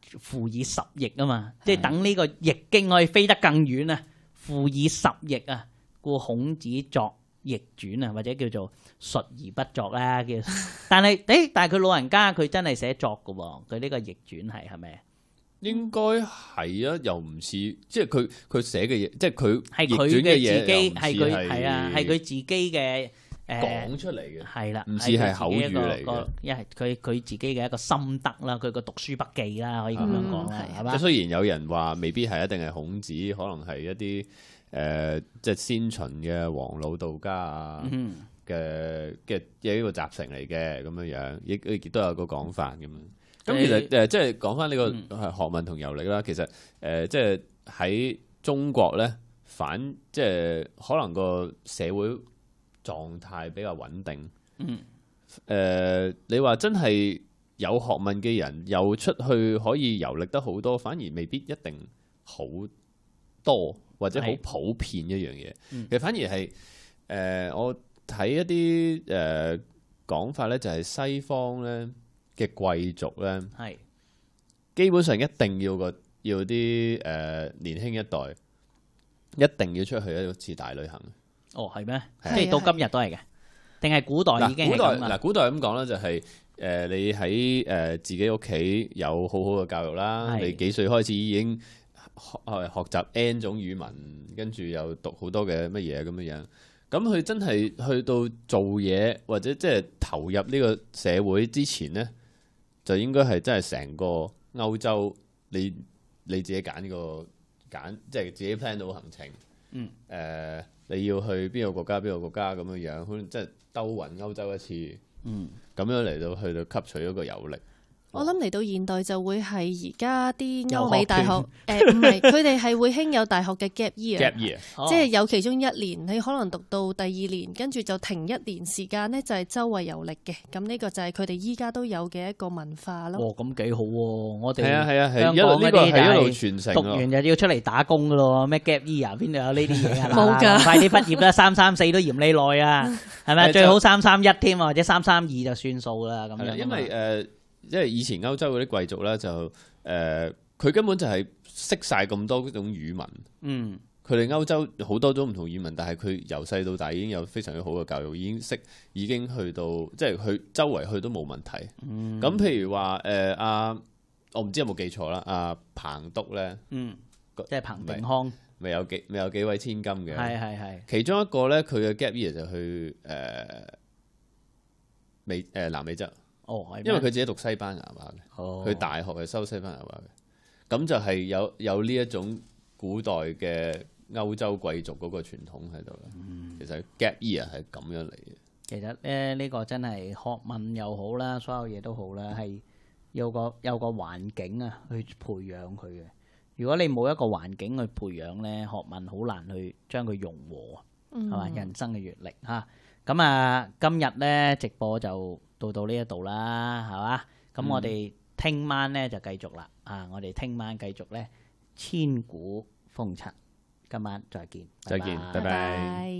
輔以十翼啊嘛，嗯、即係等呢個易經可以飛得更遠啊，輔以十翼啊，故孔子作易傳啊，或者叫做述而不作啦、啊，叫。但係誒、 欸，但係佢老人家佢真係寫作噶，佢呢個易傳係係咪？是應該係啊，又唔似，即係佢佢寫嘅嘢，即係佢係佢嘅嘢，係佢係啊，係佢自己嘅誒講出嚟嘅，係啦了，唔似係口語嚟嘅，係佢佢自己嘅一,一,一,一個心得啦，佢個讀書筆記啦，可以咁樣講啦，係嘛？即雖然有人話未必係一定係孔子，可能係一啲誒、呃、即係先秦嘅黃老道家啊嘅嘅嘢一個集成嚟嘅咁樣樣，亦亦都有個講法咁樣。咁、嗯、其實誒、呃，即係講翻呢個學問同遊歷啦。其實誒，即係喺中國咧，反即係可能個社會狀態比較穩定。嗯。誒、呃，你話真係有學問嘅人，又出去可以遊歷得好多，反而未必一定好多或者好普遍一樣嘢。其實、嗯、反而係誒、呃，我睇一啲誒、呃、講法咧，就係西方咧，嘅貴族咧，係是基本上一定要個要啲誒、呃、年輕一代，一定要出去一次大旅行。哦，係咩？即係到今日都係嘅，定係古代已經係啦。古代，古代咁講啦，就係、是、誒、呃、你喺誒自己屋企有好好嘅教育啦。啊、你幾歲開始已經學學習 N 種語文，跟住又讀好多嘅乜嘢咁嘅樣。咁佢真係去到做嘢或者即係投入呢個社會之前咧？就應該係真係成個歐洲你，你你自己揀個揀，即係自己 plan 到行程。嗯，誒、呃，你要去邊個國家，邊個國家咁樣樣，可能即係兜勻歐洲一次。嗯，咁樣嚟到去到吸取一個遊歷。我諗嚟到現代就會係而家啲歐美大學誒，唔係佢哋係會興有大學嘅 gap year，即係有其中一年，你可能讀到第二年，跟住就停一年時間呢就係周圍遊歷嘅。咁呢個就係佢哋依家都有嘅一個文化咯。哦，咁幾好喎！我哋係啊係啊，係一路呢個係一路傳承。讀完就要出嚟打工噶咯，咩 gap year 邊度有呢啲嘢？冇噶，快啲畢業啦！三三四都嫌你耐啊，係咪？最好三三一添，或者三三二就算數啦。咁樣，因為誒。因為以前歐洲嗰啲貴族咧，就、呃、誒，佢根本就係識晒咁多種語文。嗯，佢哋歐洲好多種唔同語文，但係佢由細到大已經有非常之好嘅教育，已經識，已經去到即係佢周圍去都冇問題。咁、嗯、譬如話誒阿，我唔知有冇記錯啦，阿、啊、彭督咧，嗯，個即係彭定康，未有幾未有幾位千金嘅，係係係。嗯、其中一個咧，佢嘅 gap year 就去誒美誒南美洲。哦，因為佢自己讀西班牙話嘅，佢、哦、大學係修西班牙話嘅，咁就係有有呢一種古代嘅歐洲貴族嗰個傳統喺度啦。嗯、其實 gap year 係咁樣嚟嘅。其實咧，呢個真係學問又好啦，所有嘢都好啦，係有個有個環境啊，去培養佢嘅。如果你冇一個環境去培養呢，學問好難去將佢融和。係嘛、嗯？人生嘅閲歷嚇。咁啊，今日呢直播就，到到呢一度啦，係嘛？咁我哋聽晚咧就繼續啦。嗯、啊，我哋聽晚繼續咧千古風塵。今晚再見，再見，拜拜。拜拜。